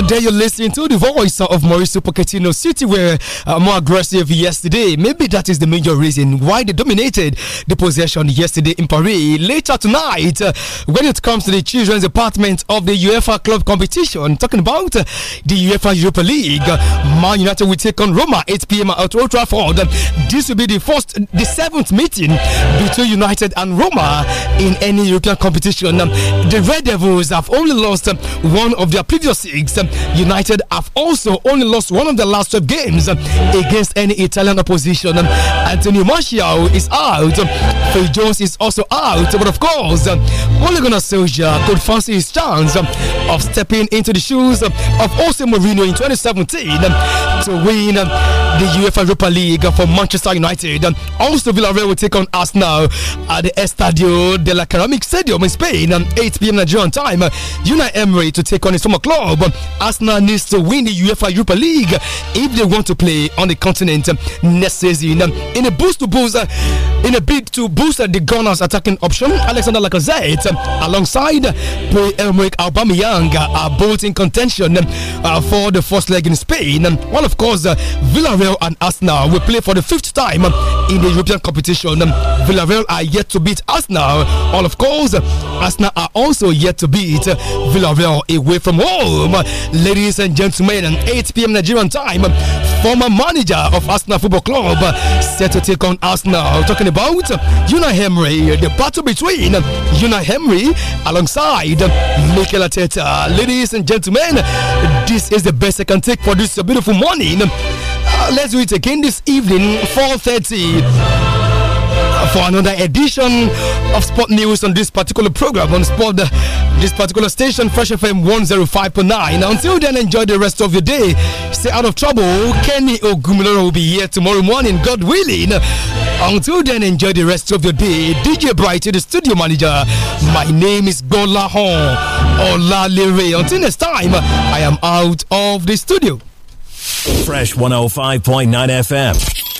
there you're listening to the voice of Mauricio Pochettino. City were uh, more aggressive yesterday. Maybe that is the major reason why they dominated the possession yesterday in Paris. Later tonight, uh, when it comes to the children's department of the UEFA club competition, talking about uh, the UEFA Europa League, uh, Man United will take on Roma 8 p.m. at Old Trafford. This will be the first, the seventh meeting between United and Roma in any European competition. The Red Devils have only lost uh, one of their previous six United have also only lost one of the last 12 games against any Italian opposition. Anthony Martial is out. Phil Jones is also out. But of course, Ole Gunnar Solskjaer could fancy his chance of stepping into the shoes of Jose Mourinho in 2017 to win the UEFA Europa League for Manchester United. Also, Villarreal will take on us now at the Estadio de la Ceramic Stadium in Spain, 8 p.m. Nigerian time. Unai Emery to take on his former club, Arsenal needs to win the UEFA Europa League if they want to play on the continent next season. In a boost to boost, uh, in a bid to boost uh, the Gunners' attacking option, Alexander Lacazette uh, alongside Pierre-Emerick Aubameyang are both in contention for the first leg in Spain. While of course, Villarreal and Arsenal will play for the fifth time in the European competition. Villarreal are yet to beat Arsenal. All of course, Arsenal are also yet to beat Villarreal away from home ladies and gentlemen, at 8 p.m. Nigerian time, former manager of Arsenal Football Club set to take on Arsenal. Talking about Una Emery, the battle between Una Emery alongside Mikel Arteta. Ladies and gentlemen, this is the best I can take for this beautiful morning. Uh, let's do it again this evening, 4:30 for another edition of Sport News on this particular program on Sport, this particular station, Fresh FM 105.9. Until then, enjoy the rest of your day. Stay out of trouble. Kenny Ogumiloro will be here tomorrow morning, God willing. Until then, enjoy the rest of your day. DJ Bright, the studio manager. My name is Gola Hon Olalere. Until next time, I am out of the studio. Fresh 105.9 FM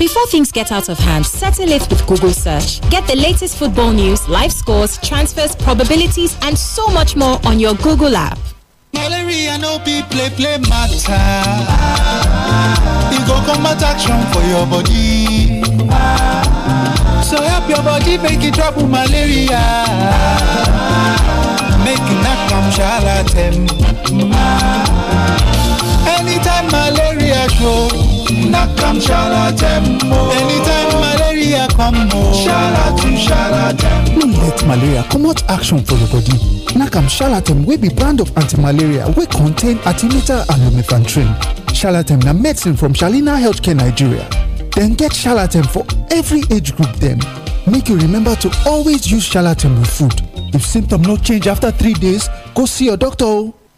Before things get out of hand, settle it with Google Search. Get the latest football news, live scores, transfers, probabilities, and so much more on your Google app. Malaria no be play play matter. You go combat action for your body. So help your body make it drop malaria. Make it knock down charlatan. Anytime malaria show. Nakam shalatem mo. Anytime malaria come mo. Shalatem shalatem. No let malaria comot action for your body. Nakam shalatem wey be brand of anti-malaria wey contain artimata and lumefantrine. Shalatem na medicine from Shalina Healthcare Nigeria. Dem get shalatem for every age group dem. Make you remember to always use shalatem with food. If symptoms no change after three days, go see your doctor o. Oh.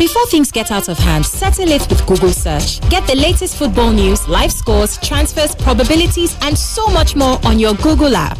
Before things get out of hand, settle it with Google search. Get the latest football news, live scores, transfers, probabilities, and so much more on your Google app.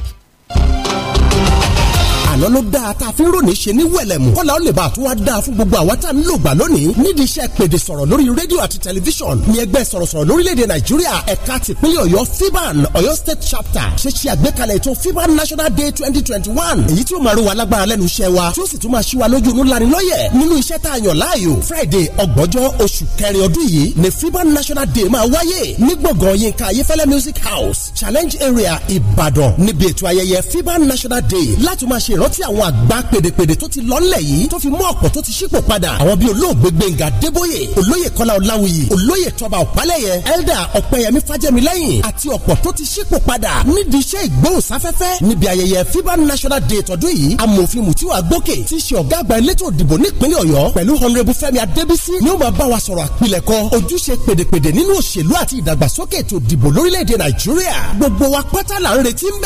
àná ló dáa tá a fi ń ròní ṣe ní wẹ̀lẹ̀mù kọ́lá ó lè bá àtúwá dáa fún gbogbo àwa tá a ń lò gbà lónìí nídìí iṣẹ́ pèdè sọ̀rọ̀ lórí rédíò àti tẹlifíṣọ̀n ní ẹgbẹ́ sọ̀rọ̀sọ̀rọ̀ lórílẹ̀‐èdè nàìjíríà ẹ̀ka tìpínlẹ̀ ọ̀yọ́ fiban ọ̀yọ́ state chapter ṣe ṣe àgbékalẹ̀ ètò fiban national day twenty twenty one èyí tí ó máa ro wa lágbára lẹ́nu iṣẹ́ wa tí ó sì tún máa ṣí wa lójú inú lani lọ́yẹ̀ friday ọgbọ̀njọ́ oṣù kẹrin ọdún yìí fiban national day máa wáyé ní gbọ̀ngàn yínká ayéfẹ́lẹ́ music house challenge area ìbàdàn níbi ètò ayẹyẹ fiban national day láti máa ṣe rántí àwọn àgbà pèdèpèdè tó ti lọ́lẹ̀ yìí tó fi mú ọ̀pọ̀ tó ti ṣípò padà àwọn bíi olóògbé gbẹ̀ngà débóyè olóyè kọ́lá ọláwuyì olóyè tọba ọ̀pálẹ̀yẹ elder ọ̀pẹ̀yẹmí fájẹmílẹ́yìn àti ọ̀pọ̀ tó ti ṣípò padà nídìí iṣẹ́ ìgbóhùnsáfẹ́fẹ́ níbi ayẹyẹ fiba national day tọdún yìí amòfin mutiwa gbókè tí ṣe ọ̀gá àgbà elétò ìdìbò nípínlẹ̀ ọ̀yọ́ pẹ̀lú honourable fẹ́mi adébísí ni ó máa bá wa sọ̀rọ̀ àpilẹ̀kọ ojúṣe pèdèpèdè nínú òṣèlú àti ìdàgbàsókè ètò ìdìbò lórílẹ̀‐èdè nàìjíríà gbogbo wa pátá là ń retí ń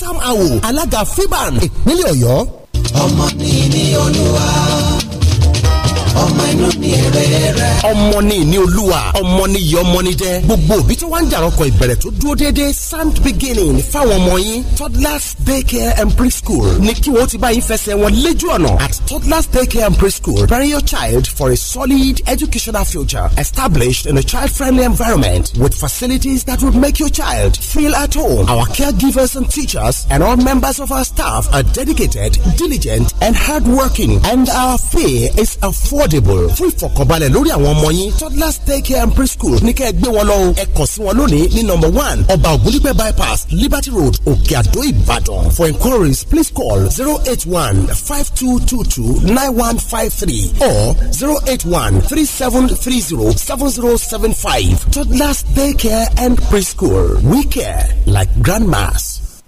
sam awo alága fiban ìpínlẹ̀ ọ̀yọ́. ọmọ mi ni olúwa ọmọ inú mi rere rẹ. ọmọ ni money olúwa ọmọ ni ìyá ọmọ ni jẹ gbogbo òbí tí wọ́n ń dàrọkọ ìbẹ̀rẹ̀ tó dúró déédéé sand beginning fáwọn ọmọ yín toddlers daycare and preschool ní kí wọ́n ti bá yín fẹsẹ̀ wọn lójú ọ̀nà at toddlers daycare and preschool prepare your child for a solid educational future established in a child-friendly environment with facilities that would make your child feel at home. Our caregivers and teachers and all members of our staff are dedicated, diligent, and hardworking, and our fee is affordable affordable fún ìfọ̀kànbalẹ̀ lórí àwọn ọmọ yín toddlers daycare and preschool ní kẹ́ ẹ gbé wọn lọ o ẹ kàn sí wọn lónìí ní number one ọba ògúnlípẹ̀ bypass liberty road òkè àdó ìbàdàn for inquiries please call zero eight one five two two two nine one five three or zero eight one three seven three zero seven zero seven five toddlers daycare and preschool we care like grandmas.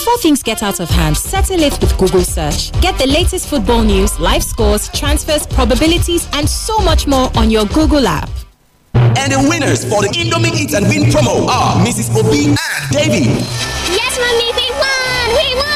Before things get out of hand, settle it with Google search. Get the latest football news, live scores, transfers, probabilities, and so much more on your Google app. And the winners for the Indomie Eat and Win promo are Mrs. Obi and Davy. Yes, mommy, we won! We won!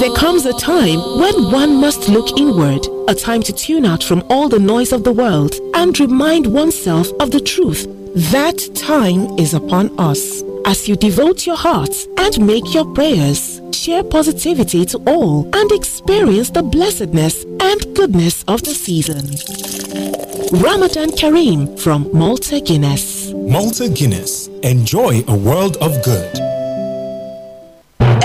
There comes a time when one must look inward, a time to tune out from all the noise of the world and remind oneself of the truth. That time is upon us. As you devote your hearts and make your prayers, share positivity to all and experience the blessedness and goodness of the season. Ramadan Kareem from Malta Guinness. Malta Guinness. Enjoy a world of good.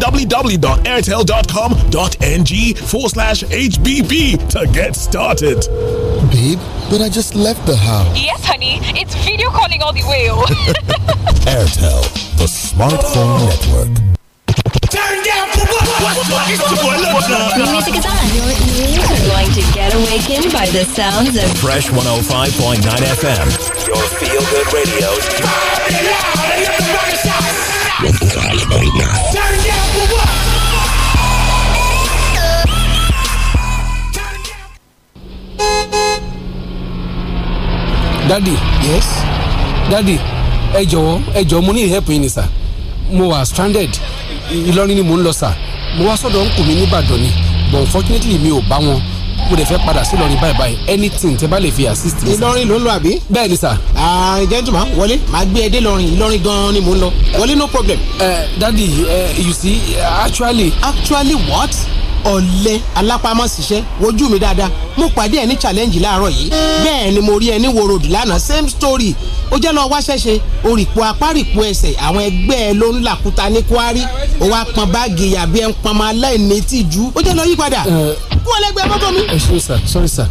www.airtel.com.ng forward slash HBB to get started. Babe, but I just left the house. Yes, honey. It's video calling all the way. [laughs] Airtel, the smartphone network. Turn down for what? What is what? It's the boy The music is on. Your ears are going to get awakened by the sounds of Fresh 105.9 FM. Your feel-good radio. Five right now. dadi yes dadi ẹ jọ̀wọ́ ẹ jọ̀wọ́ mo ní help yín ni sà mo wà stranded Ìlọrin ni mo ń lọ sà mo wá sọ́dọ̀ ń kù mí nìbàdàn ni but unfortunately mi ò bá wọn mo dẹ̀ fẹ́ padà sí Ìlọrin báyìí báyìí anything tẹ́ bá lè fi assist mi. Ìlọrin ló ń lọ àbí. bẹ́ẹ̀ ni sà. gentleman wọlé màá gbé ẹ dé Ìlọrin Ìlọrin gan-an ni mò ń lọ wọlé no problem. Uh, daddy eh, you see actually. actually what? ọ̀lẹ alápámọ́síṣẹ́ wojú mi dáadáa mo pàdé ẹ challenge láàárọ̀ yìí bẹ́ẹ̀ ni mo rí ẹ wo road lánàá same story ó jẹ́ lọ́ọ́ wáṣẹ́ṣe orìpọ̀ apárìpọ̀ ẹsẹ̀ àwọn ẹgbẹ́ ẹ ló ń làkúta ní kwari ó wá pọn báàgì yàbí ẹ ń pọn máa láì ní tìjú ó jẹ́ lọ́ọ́ yípadà kú ọlẹ́gbẹ́ mọ́tò mi. ẹ ṣe sà sorry sà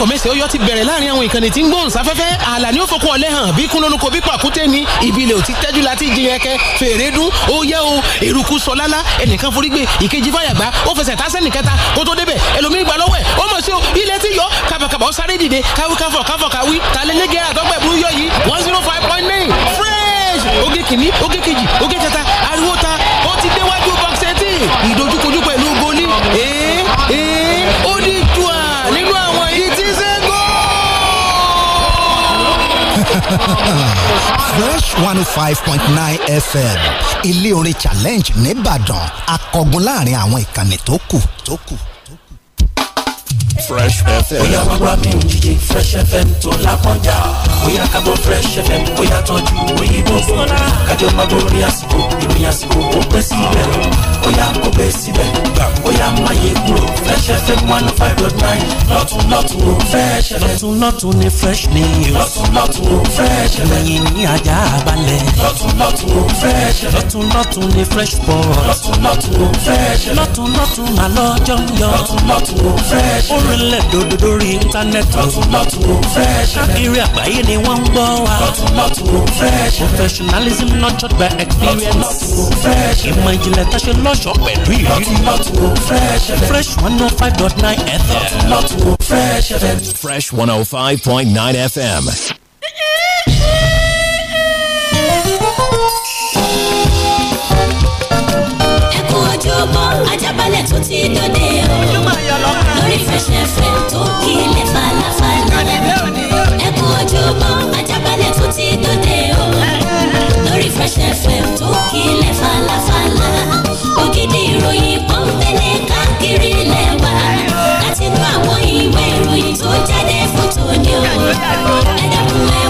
mẹ́kọ̀ọ́ mẹ́sẹ̀ ó yọ ti bẹ̀rẹ̀ láàrin àwọn ìkànnì tí ń gbóhùn sáfẹ́fẹ́ ààlà ni ó fokun ọ̀lẹ́ hàn bí kúnlónúkọ bí pàkúté ni ìbílẹ̀ ò ti tẹ́jú láti jiyàn kẹ fèrè dún ó yẹ o eruku sọ lálá ẹnìkan forí gbé ìkejì fàyàgbá ó fẹsẹ̀ tásẹ̀ nìkẹta kó tó débẹ̀ ẹlòmíì gbà lọ́wọ́ ẹ̀ ó mọ̀ sí o ilẹ̀ ti yọ kàbàkàbà ó sáré dìde káwí káfọ̀ káfọ̀ káwí fresh fresh one oh five point nine fm ilé orin challenge nìbàdàn akọgun láàrin àwọn ìkànnì tó kù tó kù fresh fm. bóyá wá wá mi ò fresh fm tó lápọ́njà bóyá ká gbọ́ fresh fm bóyá tọ́jú òyìnbó bọ́lá kájọ máa borí àsìkò ìròyìn àsìkò ó pẹ́ síbẹ̀ bóyá kò pẹ́ síbẹ̀ bóyá máa yẹ kúrò fresh fm one oh five dot nine lọ́tún lọ́tún ó fresh fm. lọ́tún lọ́tún ni fresh news. lọ́tún lọ́tún ó fresh fm. lẹ́yìn ní ajá balẹ̀. lọ́tún lọ́tún ó fresh fm. lọ́tún lọ́tún ni fresh sport. lọ́tún lọ́tún ó fresh fm. lọ́tún lọ́tún màlọ́jọ́ ń yọ. lọ́tún fresh tẹ́lẹ̀ dodo lórí íńtánẹ́ẹ̀tì. lọ́tùlọ́tù fresh. káàkiri àgbáyé ni wọ́n ń gbọ́ wa. lọ́tùlọ́tù fresh. professionalism nurtured by experience. lọ́tùlọ́tù fresh. ìmọ̀ ìjìnlẹ̀ tá ṣe lọ́ṣọ̀ọ́ pẹ̀lú ìrírí. lọ́tùlọ́tù fresh. fresh one oh five dot nine fm. lọ́tùlọ́tù fresh. fresh one oh five point nine fm lọ́gbọ́ ajábalẹ̀ tó ti dòde o lórí fẹsẹ̀fẹ̀ tó kílẹ̀ falafala ẹ kú ojúmọ́ ajábalẹ̀ tó ti dòde o lórí fẹsẹ̀fẹ̀ tó kílẹ̀ falafala ògidì ìròyìn pọ́npẹ́lẹ́ káàkiri lẹ́wà láti inú àwọn ìwé ìròyìn tó jáde fún tòní o ẹ dẹ́kun ẹ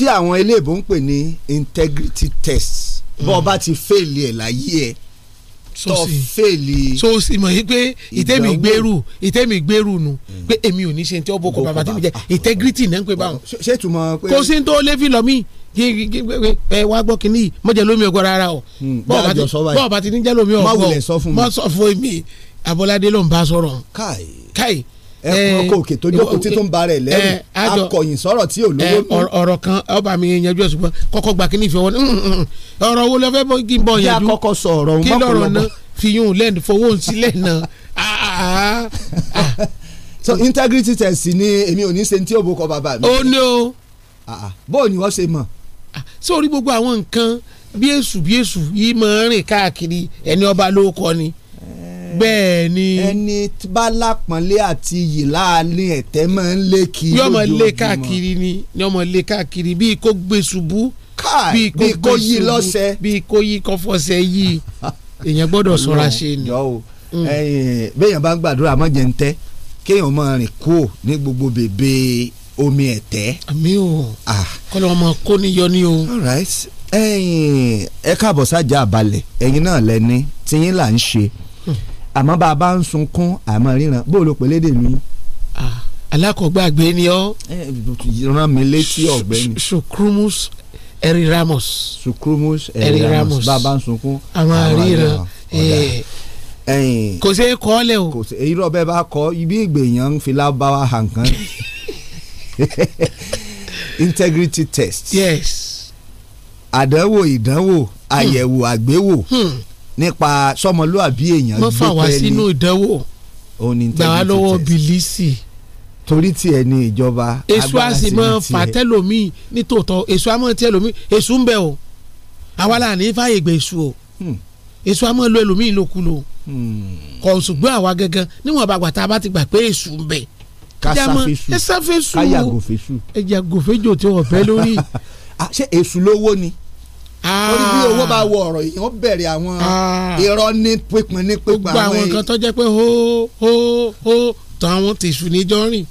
tí àwọn eléèbó ń pè ní integrity test mm. bọ́ ọ bá ti fèèlì ẹ̀ láyé ẹ̀ tó fèèlì. so sì mọ̀ yí pé ìtẹ́mi gbèrú ìtẹ́mi gbèrú nu mm. pé èmi ò ní ṣe tí ó boko bàbá tí mi jẹ integrity náà ń pè báwọn. ṣé tùmọ̀ pé. kò sí ní tó lé fi lọ mí ẹ wá gbọ́ kínní yìí mọ̀jẹ̀ lómi ọgọ́ rárá o hmm, bọ́ọ̀ bá ti ní jẹ́ lómi ọgọ́ mọ̀ sọ fún mi Abọ́ládé ló ń bá sọ̀rọ̀ káì ẹkùn ọkọ òkè tó jókòó tí tó ń ba rẹ̀ lẹ́rù akọ̀yìn sọ̀rọ̀ tí ò lówó. ọ̀rọ̀ kan ọba mi yanjú ẹ̀sùn kan kọ́kọ́ gbà kí ni ìfẹ́ wọn mm, mm, mm, ọ̀rọ̀ wo lọ́fẹ́ bọ́ kí n bọ̀ yanjú kí akọ́kọ́ sọ ọ̀rọ̀ wọn mọ́kànlá náà fi yún lẹ́nu fowó sílẹ̀ náà. Ah, ah, ah, so integrity test ni èmi ò ní ṣe tí òbókọ bàbá mi. ó ní o. bó ni wọ́n ṣe mọ̀. sí orí gbogbo àwọn nǹkan bí èṣù bí èṣù yìí máa ń rìn káàkiri ẹni ọba ló ni bẹ́ẹ̀ ni ẹni bá lápọ́nlé àti iyì láàrin ẹ̀tẹ́ máa ń lé kiri yóò mọ lé káàkiri ni yóò mọ lé káàkiri bíi kó gbé ṣubú bíi kó yí lọ́sẹ̀ bíi kó yí kọ́fọ́sẹ̀ yí [laughs] èèyàn gbọ́dọ̀ ṣọ́ra ṣe ni. Mm. béèyàn bá ń gbàdúrà mọ́ jẹ́ tẹ́ kéèyàn máa rìn kúò ní gbogbo bèbè omi ẹ̀tẹ́. àmì o kọ́lọ́ ọmọ kò ní ní o. all right ẹ̀yin ẹ káàbọ̀ sájà àbálẹ̀ ẹ̀yin náà lẹ́ni tíyín là ń ṣe àmọ́ bá a bá ń sunkún àmọ́ ríran bó o lo pèlédè mi. alákọ̀ọ́gbàgbé ni ọ́. rán mi létí ọ̀gbẹ́ni. sukrumus eri ramos. sukrumus eri ramos bá a bá ń sunkún. àmọ́ ríran kò sí kọ́ lẹ̀ o. kò sí irọ́ bẹ́ẹ̀ bá kọ́ ibi ìgbèyàn ń fi lábáwá hàn kan. [laughs] integrity test. yes. àdánwò ìdánwò hmm. àyẹ̀wò àgbéwò. Hmm. nípa sọmọlúàbí èèyàn gbé pẹ́ẹ́lí. wọ́n fà wá sínú ìdánwò gbà wá lọ́wọ́ bìlísì torí tiẹ̀ ni ìjọba èso a sì máa fà tẹ́lòmíì nítòótọ́ èso a máa tẹ́lòmíì èso ń bẹ o àwa là ní fàyè gbé èso o hmm. èso a máa lo ẹlòmíì lókulo hmm. kò ṣùgbọ́n àwa gangan níwọ̀n bàgbà tá a bá ti gbà pé èso ń bẹ kásáfesu káyàgòfesu ẹ̀jẹ̀ àgòfejò tí wọ́n bẹ́ lórí. [laughs] Ah, ṣé èso lówó ni orí bí owó bá ah. wọ ọ̀rọ̀ yìí wọ́n bẹ̀rẹ̀ àwọn ah. irọ́ ní pípin ní pípin àwọn yìí. gbogbo àwọn nǹkan tó jẹ́ pé hó hó hó tó àwọn tèṣù níjọ́ rìn.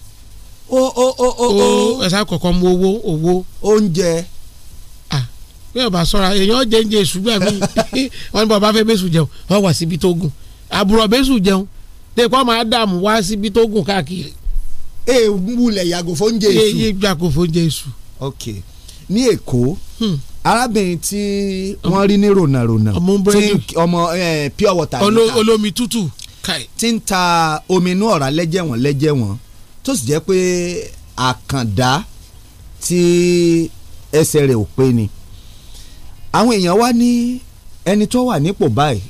ó ó ó ó ó ẹ̀sà kọ̀ọ̀kan mu owó owó. oúnjẹ. bí ọba sọ́ra èèyàn jẹ́ oúnjẹ èṣù gbà mí [laughs] wọ́n ní bọ́ bá fẹ́ bẹ́sù jẹun wọ́n wà síbi tó gùn àbúrò bẹ́sù jẹun tẹ̀kọ́ máa dààmú wá síbi tó gùn káàkiri. ee wulẹ̀ yàgò fóúnjẹ èṣù. ee yàgò fóúnjẹ èṣù. ok ní èkó. Hmm arábìnrin tí wọ́n rí ní rònàrònà tí ọmọ pure water olómi tútù tí ń ta omi inú ọ̀rá lẹ́jẹ̀wọ̀n lẹ́jẹ̀wọ̀n tó sì jẹ́ pé àkàndá tí ẹsẹ̀ rẹ̀ ò pé ni àwọn èèyàn wá ní ẹni tó wà nípò báyìí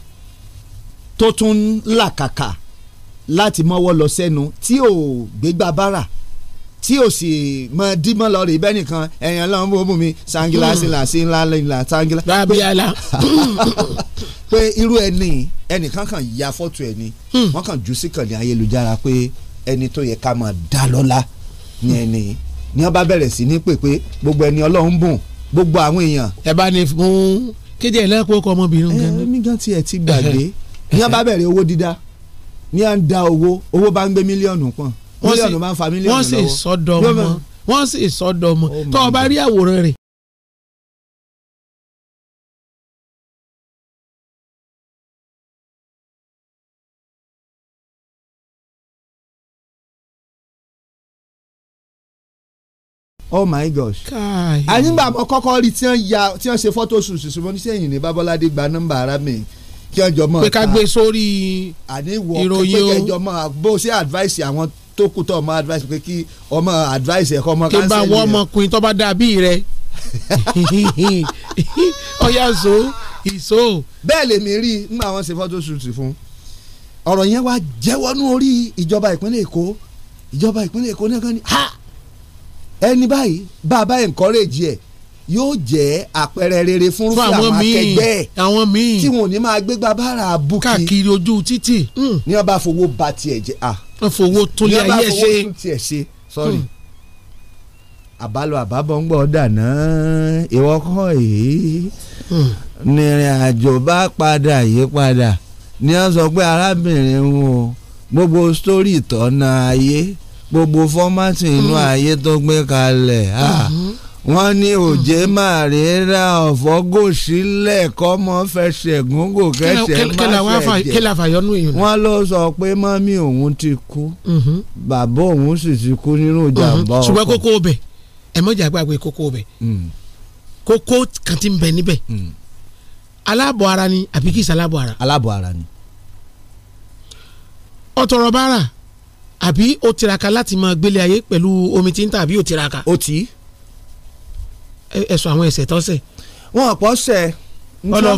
tó tún ń làkàkà láti mọ́wọ́ lọ sẹ́nu tí ò gbégbá bára tí o sì mọ dímọ lọ rè bẹ́ẹ̀ nìkan ẹ̀yàn lọ́n bó bùnmi sangila sila hmm. sí ńlá ńlá sangila. rabiala. [laughs] pé irú ẹni ẹnìkan kan ya fọ́tò ẹni hmm. wọ́n kàn jù sí kànní ayélujára pé ẹni tó yẹ ká máa dá lọ́lá ni ẹni ni wọ́n bá bẹ̀rẹ̀ sí ní pèpè gbogbo ẹni ọlọ́run bùn gbogbo àwọn èèyàn. ẹ bá ní fún kéde ẹlẹ́pọ̀ ọkọ ọmọbìnrin gan. ẹ mi gan tiẹ̀ ti gbàgbé ni wọ́n bá bẹ̀rẹ̀ owó dídá ni wọ́n ń da owó owó bá ń gbé mílíọ̀nù pọ̀n mílíọ̀nù máa wọ́n sì sọ́dọ̀ ọmọ wọ́n sì sọ́dọ̀ ọmọ oh tó o rí àwòrán rẹ̀ oh my gosh. àyìnbá àmọ́ kọ́kọ́ rí tí wọ́n ṣe fọ́tò ṣùṣù ṣùgbọ́n ní sẹ́yìn ní babaládé gba nọ́mbà ara mi kí ọjọ́ mọ̀ ká pé ká gbé sórí ìròyìn o àní pé kẹjọ mọ̀ bó ṣe advice àwọn tó kù tó ọmọ advice pé kí ọmọ advice ẹ̀kọ́ ọmọ kánsẹ́lì rẹ. kí bá wọ ọmọkùnrin tó bá dà bí rẹ ọyá so ìso. bẹ́ẹ̀ lèmi rí i nígbà wọn ṣe fọ́tò ṣùtì fún ọ̀rọ̀ yẹn wá jẹ́wọ́nú orí ìjọba ìpínlẹ̀ Èkó ìjọba ìpínlẹ̀ Èkó náà kan ni ha ẹni báyìí bàbá encourage ẹ̀ yóò jẹ́ àpẹẹrẹ rere fún rúfin àwọn akẹgbẹ́ ẹ̀ àwọn míì tí wọn ò ní máa gbégbá bára àbùkì káàkiri ojú títì. ní ọba fowó ba tiẹ̀ jẹ́ ah wọ́n fowó tó lé ayé ẹ̀ ṣe. ìyá bá fowó tún tiẹ̀ ṣe sorry hmm. àbálò àbábọ̀ ń ìwọ kọ́ yìí hmm. nìrìn àjò bá padà yí padà ni wọ́n sọ pé arábìnrin ń gbogbo sítórì ìtọ́nà ayé gbogbo fọ́mátì inú hmm. ayé tó gbé kalẹ̀ ah. Mm-hmm wọ́n ní òjé màrí ra ọ̀fọ́ gòsílẹ̀ kọ́mọ fẹsẹ̀ gúngò kẹsẹ̀ má fẹ̀jẹ̀ wọ́n ló sọ pé mọ́mí òun ti kú mhm. bàbá òun sì ti kú nínú mhm. ìjàmbá ọkọ̀. ṣùgbọ́n kókó ọbẹ̀ ẹ mọ̀jà gbàgbé kókó ọbẹ̀ mm. kókó kan ti ń bẹ níbẹ̀ mm. aláàbọ̀ ara ni àbí kìí ṣaláàbọ̀ ara. aláàbọ̀ ara ni. ọ̀tọ̀rọ̀ bára àbí ó tiraka láti máa gbélé ayé pẹ̀lú omi tí ń tà àbí ó tiraka. ó ti ẹ̀sùn àwọn ẹ̀ṣẹ̀ tọ́sẹ̀. wọn ò pọ̀ sẹ́ẹ̀ ọlọ́run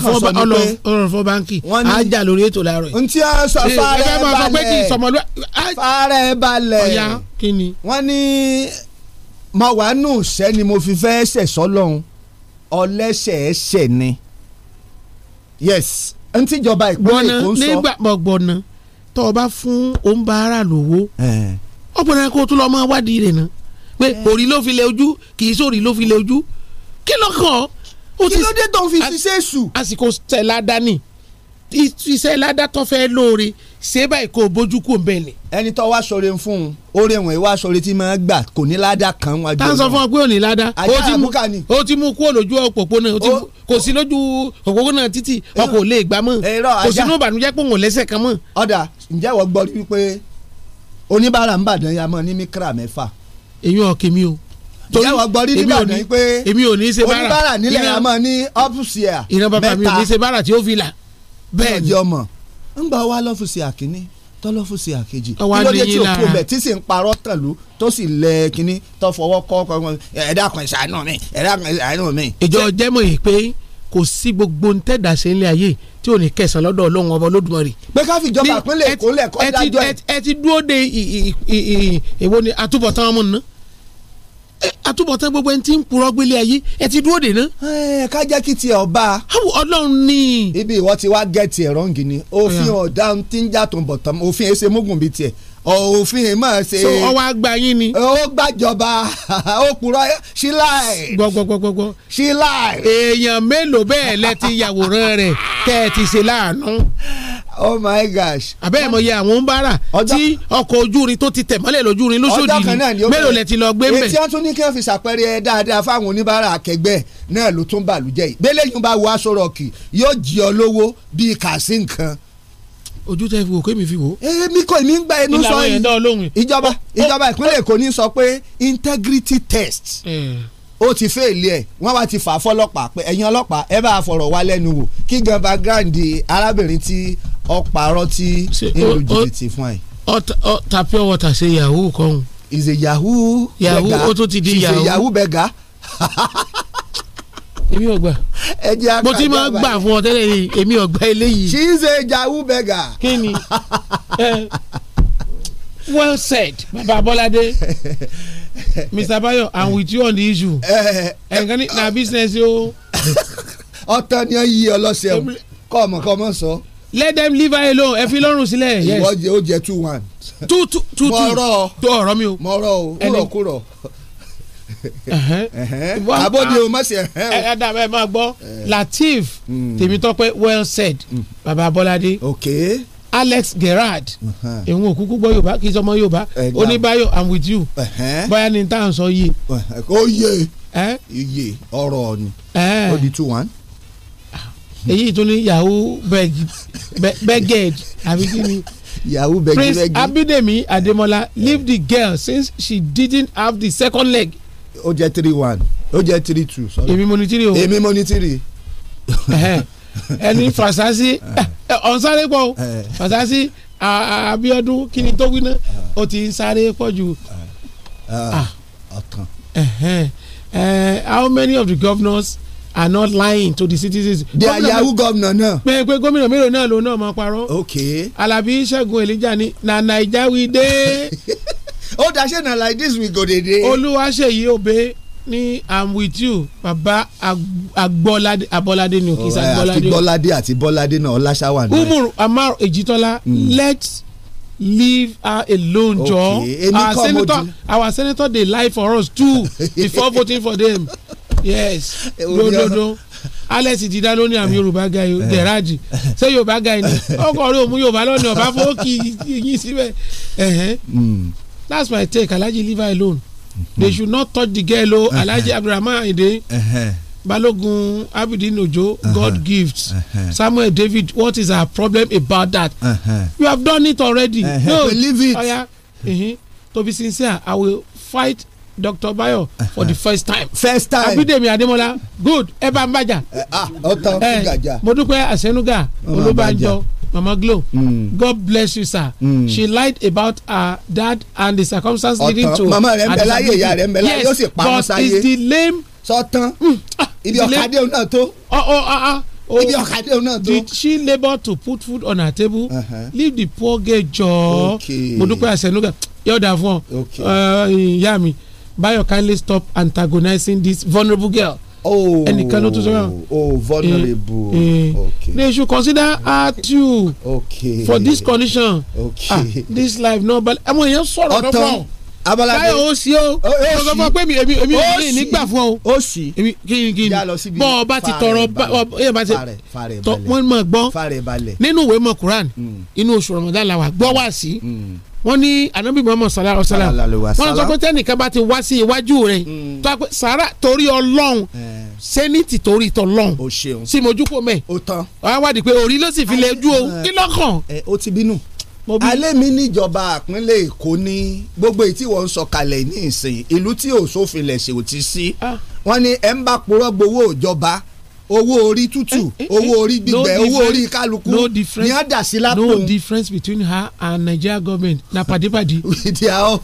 fún báńkì lórí ètò láàárọ̀ yìí. ntí a sọ fàárẹ̀ balẹ̀ fàárẹ̀ balẹ̀ wọ́n ní mo wà nù sẹ́ ni mo fi fẹ́ ṣẹ̀ sọ́lọ́hún ọlẹ́ṣẹ̀ ṣẹ̀ ni yes ntíjọba ìpínlẹ̀ Èkó ń sọ. nígbà gbọ̀nà tó o bá fún òǹbà ara lówó ọ̀pọ̀ kó o tún lọ́ọ́ máa wádìí rẹ̀ náà pé òrì ló fi lè ojú kì í sóòrì ló fi lè ojú kí ló kàn ó ti kí ló dé tó ń fi ṣiṣẹ́ sù. àsìkò ṣe ládá ni iṣẹ́ ládá tó fẹ́ lóore ṣé báyìí kò bójú kò bẹ́ẹ̀ ni. ẹni tó wá sọre fún un oore wọn ìwà sọre tí máa gbà kò ní ládà kan wá jọ. táwọn sọ fún ọ pé ò ní ládà. ajá àbúkà ni. ó ti mú kúrò lójú òpópónà kò sí lójú òpópónà títì ọkọ̀ ò lè gbà mọ́ kò sínú ìbànújẹ́ pé òun ò lẹ́sẹ̀ kan mọ́. ọ̀dà ǹjẹ́ wọ́n gbọ́ wípé oníbàárà ń bàdàn ya mọ́ ní míkírà mẹ́fà. èyí ọ̀kẹ́ mi o torí ìyá wa gbọ́ rí níbàdàn pé èmi ò ní í ṣe bára oníbàrà nílẹ̀ yà máa ní ọ́fíìsì ẹ̀ mẹ́ta ìran bàbá mi ò ní í ṣe bára tí ó fi là bẹ́ẹ̀ ni ọmọ ń gbà wá lọ́fíìsì àkíní tọ́lọ́fíìsì àkejì kílódé tí òkú bẹ̀ tí sì ń parọ́ tàlú tó sì lẹ kínní tó fọwọ́ kọ́ ẹ̀dá kan ìṣàánú mi ẹ̀dá kan ìṣàánú mi. ìjọ jẹ́mọ̀ yìí pé kò sí gbogbo ntẹ́dà sí ilé ayé tí ò ní kẹsàn-án lọ́dọ̀ ọlọ́run ọba olódùmarè. pé ká fi ìjọba àpínlẹ̀ èkó lẹ̀ kọ́ dájọ́ ẹ̀. ẹ ti dúró de ìwo ni àtúbọ̀tán ọmọ náà àtúbọ̀tán gbogbo ẹni tí ń purọ́ gbélé ayé ẹ ti dúró dènà. ẹ ká kí tiẹ̀ ọba. àwọn ọlọ́run ni. ibi ìwọ ti wá gẹ̀ẹ́tì ẹ̀rọ ń gini òfin ọ̀daràn ti ń jà tó ń bọ̀ tán òfin èsè mógùn bíi tiẹ̀ òfin ẹ̀ máa ṣe. so ọwọ́ àgbà yín ni. ó gbàjọba ó purọ́ sí láì. gbọgbọgbọgbọ. sí láì. èèyàn mélòó bẹ́ẹ̀ lẹ ti yàwòrán rẹ̀ tẹ́ ẹ ti ṣe láàánú. oh my gosh. àbẹ́ ẹ̀ mọ̀ yẹ àwọn ń bára tí ọkọ̀ ojú irin tó ti tẹ̀ mọ́lẹ̀ lójú irin lóṣòdì ni mélòó lẹ ti lọ gbé mbẹ̀. etí wọn tún ní kí wọn fi ṣàpẹẹrẹ dáadáa fáwọn oníbàárà akẹgbẹ́ náà ló tún bàlújẹ́ yìí. bẹ́lẹ̀ yìí bá wọ aṣọ rọ̀kì yóò jí ojú tẹ fi wò kémi fi wò. èmi kò ní gba ẹnu sọ yìí ìjọba ìjọba ìpínlẹ̀ Èkó ní sọ pé integrity test ó ti fèèlì ẹ̀ wọ́n wá ti fà á fọlọ́pàá pé ẹ̀yin ọlọ́pàá ẹ bá fọ̀rọ̀ wá lẹ́nu wò kí gan background arábìnrin tí ọ̀pààrọ̀ tí ìlú jìbìtì fún ẹ̀. ọta pure water ṣe yahoo kan. is a yahoo. yahoo ó tún ti yahoo. she yahoo beggar. [laughs] èmi ò gbà ẹjẹ akadaba mo ti máa gbà fún ọ tẹ́lẹ̀ yìí èmi ò eléyìí. she is a jawu beggar. kí ni well said baba Bọ́ládé Mr. Bayo i'm with you on the issue ẹnìkan ní na business o. ọ̀tọ̀ ni ó yí ọlọ́sẹ̀ kọ́ ọmọ kọ́ ọmọ sọ. let them leave her alone ẹ fi lọ́rùn sílẹ̀. ìwọ jẹ ó jẹ two one. two two two two mọ̀ọ́rọ̀ tó mi o. mọ̀ọ́rọ̀ o kúrọ̀kúrọ̀. abọ́dé uh-huh. uh-huh. ah. o má ṣe. ẹ uh-huh. eh, eh, ẹ máa gbọ́ eh. Latif hmm. Tèmítọ́pẹ́ well said hmm. baba Bọ́ládé Alex Gerard ìwọn òkúkú gbọ́ Yorùbá kì í sọmọ Yorùbá oníbáyọ̀ I'm with you bóyá ni tá à ń ye. yìí. ó yẹ iye ọ̀rọ̀ ni ó di two one. èyí tó ní yahoo beged àbí kí ni. yahoo beged prince Abidemi Ademola leave the girl since she didn't have the second leg ó jẹ́ three one ó jẹ́ three two èmi mo ní three o èmi mo ní three. ẹni Fasasi [laughs] ọ̀nsáré pọ̀ Fasasi Abiodun kí tó wí o ti ń sáré pọ̀ jù. Ah, ah. how many of the governors are not lying to the citizens. they are yahoo governor náà. pé pé gómìnà mélòó náà ló náà máa parọ́. ok Alabi Ṣẹ́gun Elijah ni na naija we dey. [laughs] ó daṣẹ́ na like this we go dey dey. olúwaṣeyí òbẹ ní i'm with you baba agbọ́ládé abọ́ládé ni òkè sá gbọ́ládé. àti gbọ́ládé àti bọ́ládé náà ọláṣáwà náà. umar amar ejitola hmm. let's leave her alone jọ okay. our senator our senator dey lie for us too before [laughs] voting for them yes eh, No, no, lódodo alex dídá ló ní àmì yorùbá guy eh. gẹ̀rájì ṣé yorùbá guy ni [laughs] ọkọ̀ rẹ̀ òmú yorùbá lọ́nà ọ̀bá fún òkì yín síbẹ̀. Hmm. that's my take alhaji leave her alone mm -hmm. they should not touch the girl o oh. uh-huh. alhaji abdulrahman ayinde uh-huh. balogun abidin ojo uh-huh. god gives. samuel david what is our problem about that you have done it already no believe it eh, eh. to be sincere i will fight dr bayo for the first time. first time abidemi ademola good eba bá ọ̀tọ̀ ń gàjà. mo dúpẹ́ àṣẹnugà olúbanjọ. Mama Glo, Mm. God bless you, sir. Mm. She lied about her dad and the circumstances leading to. Mama rẹ̀ ń bẹ láyé ìyá rẹ̀ ń bẹ láyé yóò sì pa ọ́n sáyé. Yes, but is the lame. Sọ́tán. Mm. Ah, Ibi ọ̀kadé òun náà tó. Ọ̀ oh, ọ̀ oh, ah ah. Oh. Ibi ọ̀kadé òun náà tó. Did she labour to put food on her table? Uh -huh. Leave the poor girl jọ̀ọ́. Okay. Mo dúpẹ́ àṣẹnugà. Yọ̀dà fún ọ. Okay. Uh, ìyá mi, Bayo kindly stop antagonizing this vulnerable girl. Oh, ẹnìkan ló tún sọ oh vulnerable eh, eh. okay they should consider her too okay for this condition okay ah this life no balẹ̀ ẹ̀mọ̀ èèyàn sọ̀rọ̀ lọ́fọ̀ọ́. abala bẹ́ẹ̀ o sí o ọ̀sọ̀ fún pé èmi èmi èmi nígbà fún ọ o sí èmi kíni kíni bọ́ ọba ti tọrọ ọba ti tọ wọ́n mọ̀ gbọ́ nínú ìwé mọ̀ Quran mm. inú oṣù Ramadan la wà gbọ́ wá sí mm. wọ́n ní anabi muhammad sallallahu alayhi wa sallam wọ́n lọ sọ pé tẹ́nìkan bá ti wá sí iwájú rẹ̀ mm. tó a pé torí ọlọ́run sẹ́nìtì eh. torí tọ́lọ́run sí mojú kò mẹ́ o tán pé orí ló sì fi lè o eh. kí lọ́kàn. o eh, ti bínú alẹ́ mi níjọba àpínlẹ̀ èkó ní gbogbo èyí tí wọ́n ń sọ kalẹ̀ ní ìsìn ìlú tí òṣòfin lẹ̀sẹ̀ ò ti sí ah. wọ́n ní ẹ̀ ń bá purọ́ gbowó ìjọba owó orí tútù eh, eh, eh. owó orí gbígbẹ owó orí kálukú ni a dà sí lápò. no difference between her and Nigeria government na padipadi. we dey all.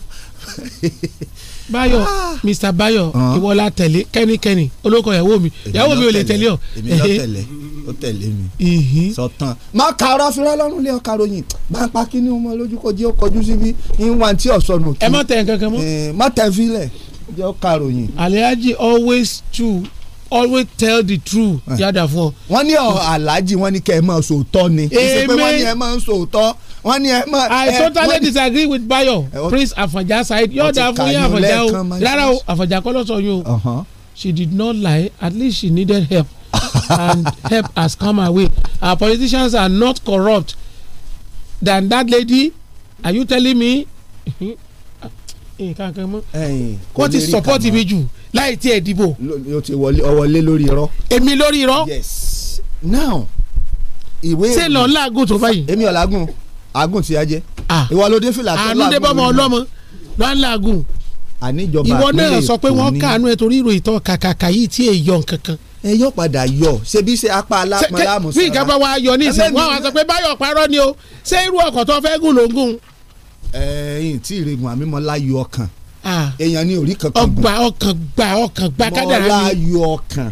Báyọ̀ ah. Mr. Báyọ̀ ìwọlá tẹ̀lé kẹ́nikẹ́ni olóko ìyàwó mi ìyàwó mi ò lè tẹ̀lé ọ. èmi lọ tẹ̀lé ó tẹ̀lé mi sọ̀tàn. má ka ọ̀rọ̀ fira lọ́rùn lé ọkà ròyìn bá ń pa kíní ọmọ lójú kò jẹ́ ó kọjú síbi ìwà tí ọ̀sọ̀ nù kí. ẹ má tẹ̀ kankan mọ́. má tẹ̀ fílẹ̀ jẹ́ ọkà ròyìn. Alhaji always true always tell the truth eh. yàda fún ọ. wọ́n ní alhaji wọ́n ní kẹ́ ẹ máa sòótọ́ ni. èmi wọ́n ní ẹ mọ. I totally disagree with Bayo Prince Afanja side yóò dáa fún yín Afanja o rárá o kọ́ uh-huh. she did not lie at least she needed help and [laughs] help has come her way our politicians are not corrupt than that lady are you telling me nǹkan kan mọ kó ti support mi jù láì tí ẹ dìbò. o ti wọlé lórí irọ́. èmi lórí irọ́. yes now ìwé. ṣé lọ́ọ́ tó báyìí. èmi ò àágùn tí a ah. ìwà ló fìlà tó làágùn. ànúdébọ́mọ ọlọ́mọ ló ń àníjọba ìwọ náà sọ pé wọ́n kàánú ẹ torí ìròyìn tán kàkàkà yìí tí èèyàn kankan. ẹ yọ padà yọ ṣebí ṣe apá alápọn láàmú sára. bí ìjọba wa yọ ní ìsìn wọn wá sọ pé báyọ̀ parọ́ ni o ṣé irú ọkọ̀ tó fẹ́ gùn ló ń gùn. ẹ tí ìrègùn àmì mọ láyò ọkàn èèyàn ní orí kankan gùn. ọkàn gbà ọkàn gbà kádàrá mi. mọ láyò ọkàn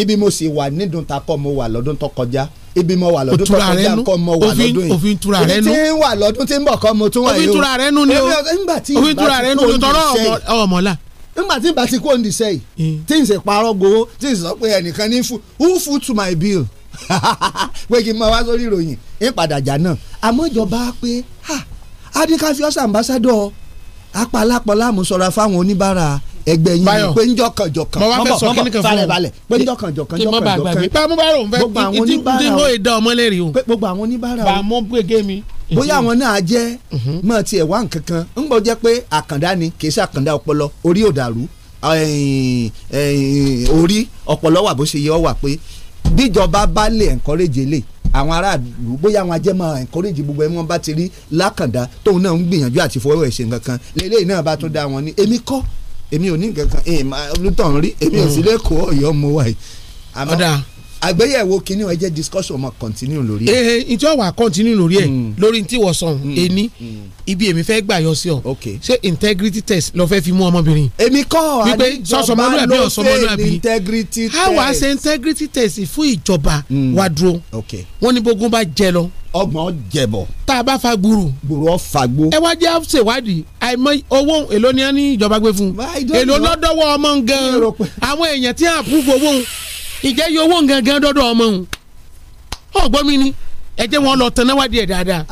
ibi mo sì wà nídùn takọ mo wà lọ́dún tó kọjá ibi mo wà lọ́dún tó kọjá nǹkan mo wà lọ́dún yìí òfin tura rẹ nù èmi tí ń wà lọ́dún tí ń bọ̀ kọ́ mo tún wà yìí o òfin tura rẹ nù ni o òfin tura rẹ nù ni tọrọ ọmọlá nígbà tí bá ti kó ń disẹ́ yìí tí n sì parọ́ gbowó tí n sì sọ pé ẹnìkan ní fún who food to my bill [laughs] pé kí n máa wá sórí ìròyìn ń padà jà náà àmọ́ ìjọba pé adikafios ambassador apalapọ̀ láàmú sọ̀rọ̀ fáwọn oníbàárà ẹgbẹ́ yín ni pé njọ́ kan jọ kan mọ́ bọ̀ balẹ̀ balẹ̀ pé njọ́ kan jọ kan njọ́ kan jọ kan. pé mo bá rò ń fẹ́ tí tí mo yè dá ọmọ lẹ́rìí o. gbogbo àwọn oníbàárà o. bàmú gbẹgẹ mi. bóyá àwọn náà jẹ́ mhm. mọ̀ tiẹ̀ wá nǹkan ń gbọ́ jẹ́ pé àkàndá ni kì í ṣe àkàndá ọpọlọ orí ò dàrú orí ọpọlọ wà bó ṣe yẹ ọ wà pé bíjọba bá lè encourage lè àwọn aráàlú bóyá àwọn ajẹ́mọ̀ encourage gbogbo ẹni wọ́n bá ti rí lákàndá tóun náà ń gbìyànjú àti fọwọ́ ẹ̀ nǹkan kan lélẹ́yìn náà bá tún dá wọn ní èmi kọ́ èmi ò ní nǹkan kan èèmà olùtọ̀ ń rí èmi ò sí lẹ́kọ̀ọ́ ọ̀yọ́ mo wà ọ̀dà àgbéyẹ̀wò kínní ẹ jẹ́ discussion ọmọ continue lórí ẹ. ee eh, eh, ǹjẹ́ wà á continue lórí ẹ mm. lórí tí wọ́n sọ̀n mm. ẹni mm. ibi èmi fẹ́ gbà yọ sí ọ ṣé integrity test lọ fẹ́ fi mú ọmọbìnrin. èmi kọ́ àdéjọba ló fẹ́ integrity test. how was integrity test fún ìjọba wa dúró wọ́n ní bógun bá jẹ lọ ọgbọ̀n jẹ̀bọ̀. tá a bá fa gburu. gburu ọ fagbó. ẹ wá jẹ́ ṣèwádìí àìmọ owó èlò ni a ní ìjọba gbé fún. èlò lọ́dọ̀wọ́ ọmọ gan-an àwọn èèyàn tí a approve owó ìjẹ́ iye owó gangan dọ́dọ̀ ọmọ òun ọ̀gbọ́n mi ni ẹ jẹ́ wọn lọ tán náà ẹ̀ dáadáa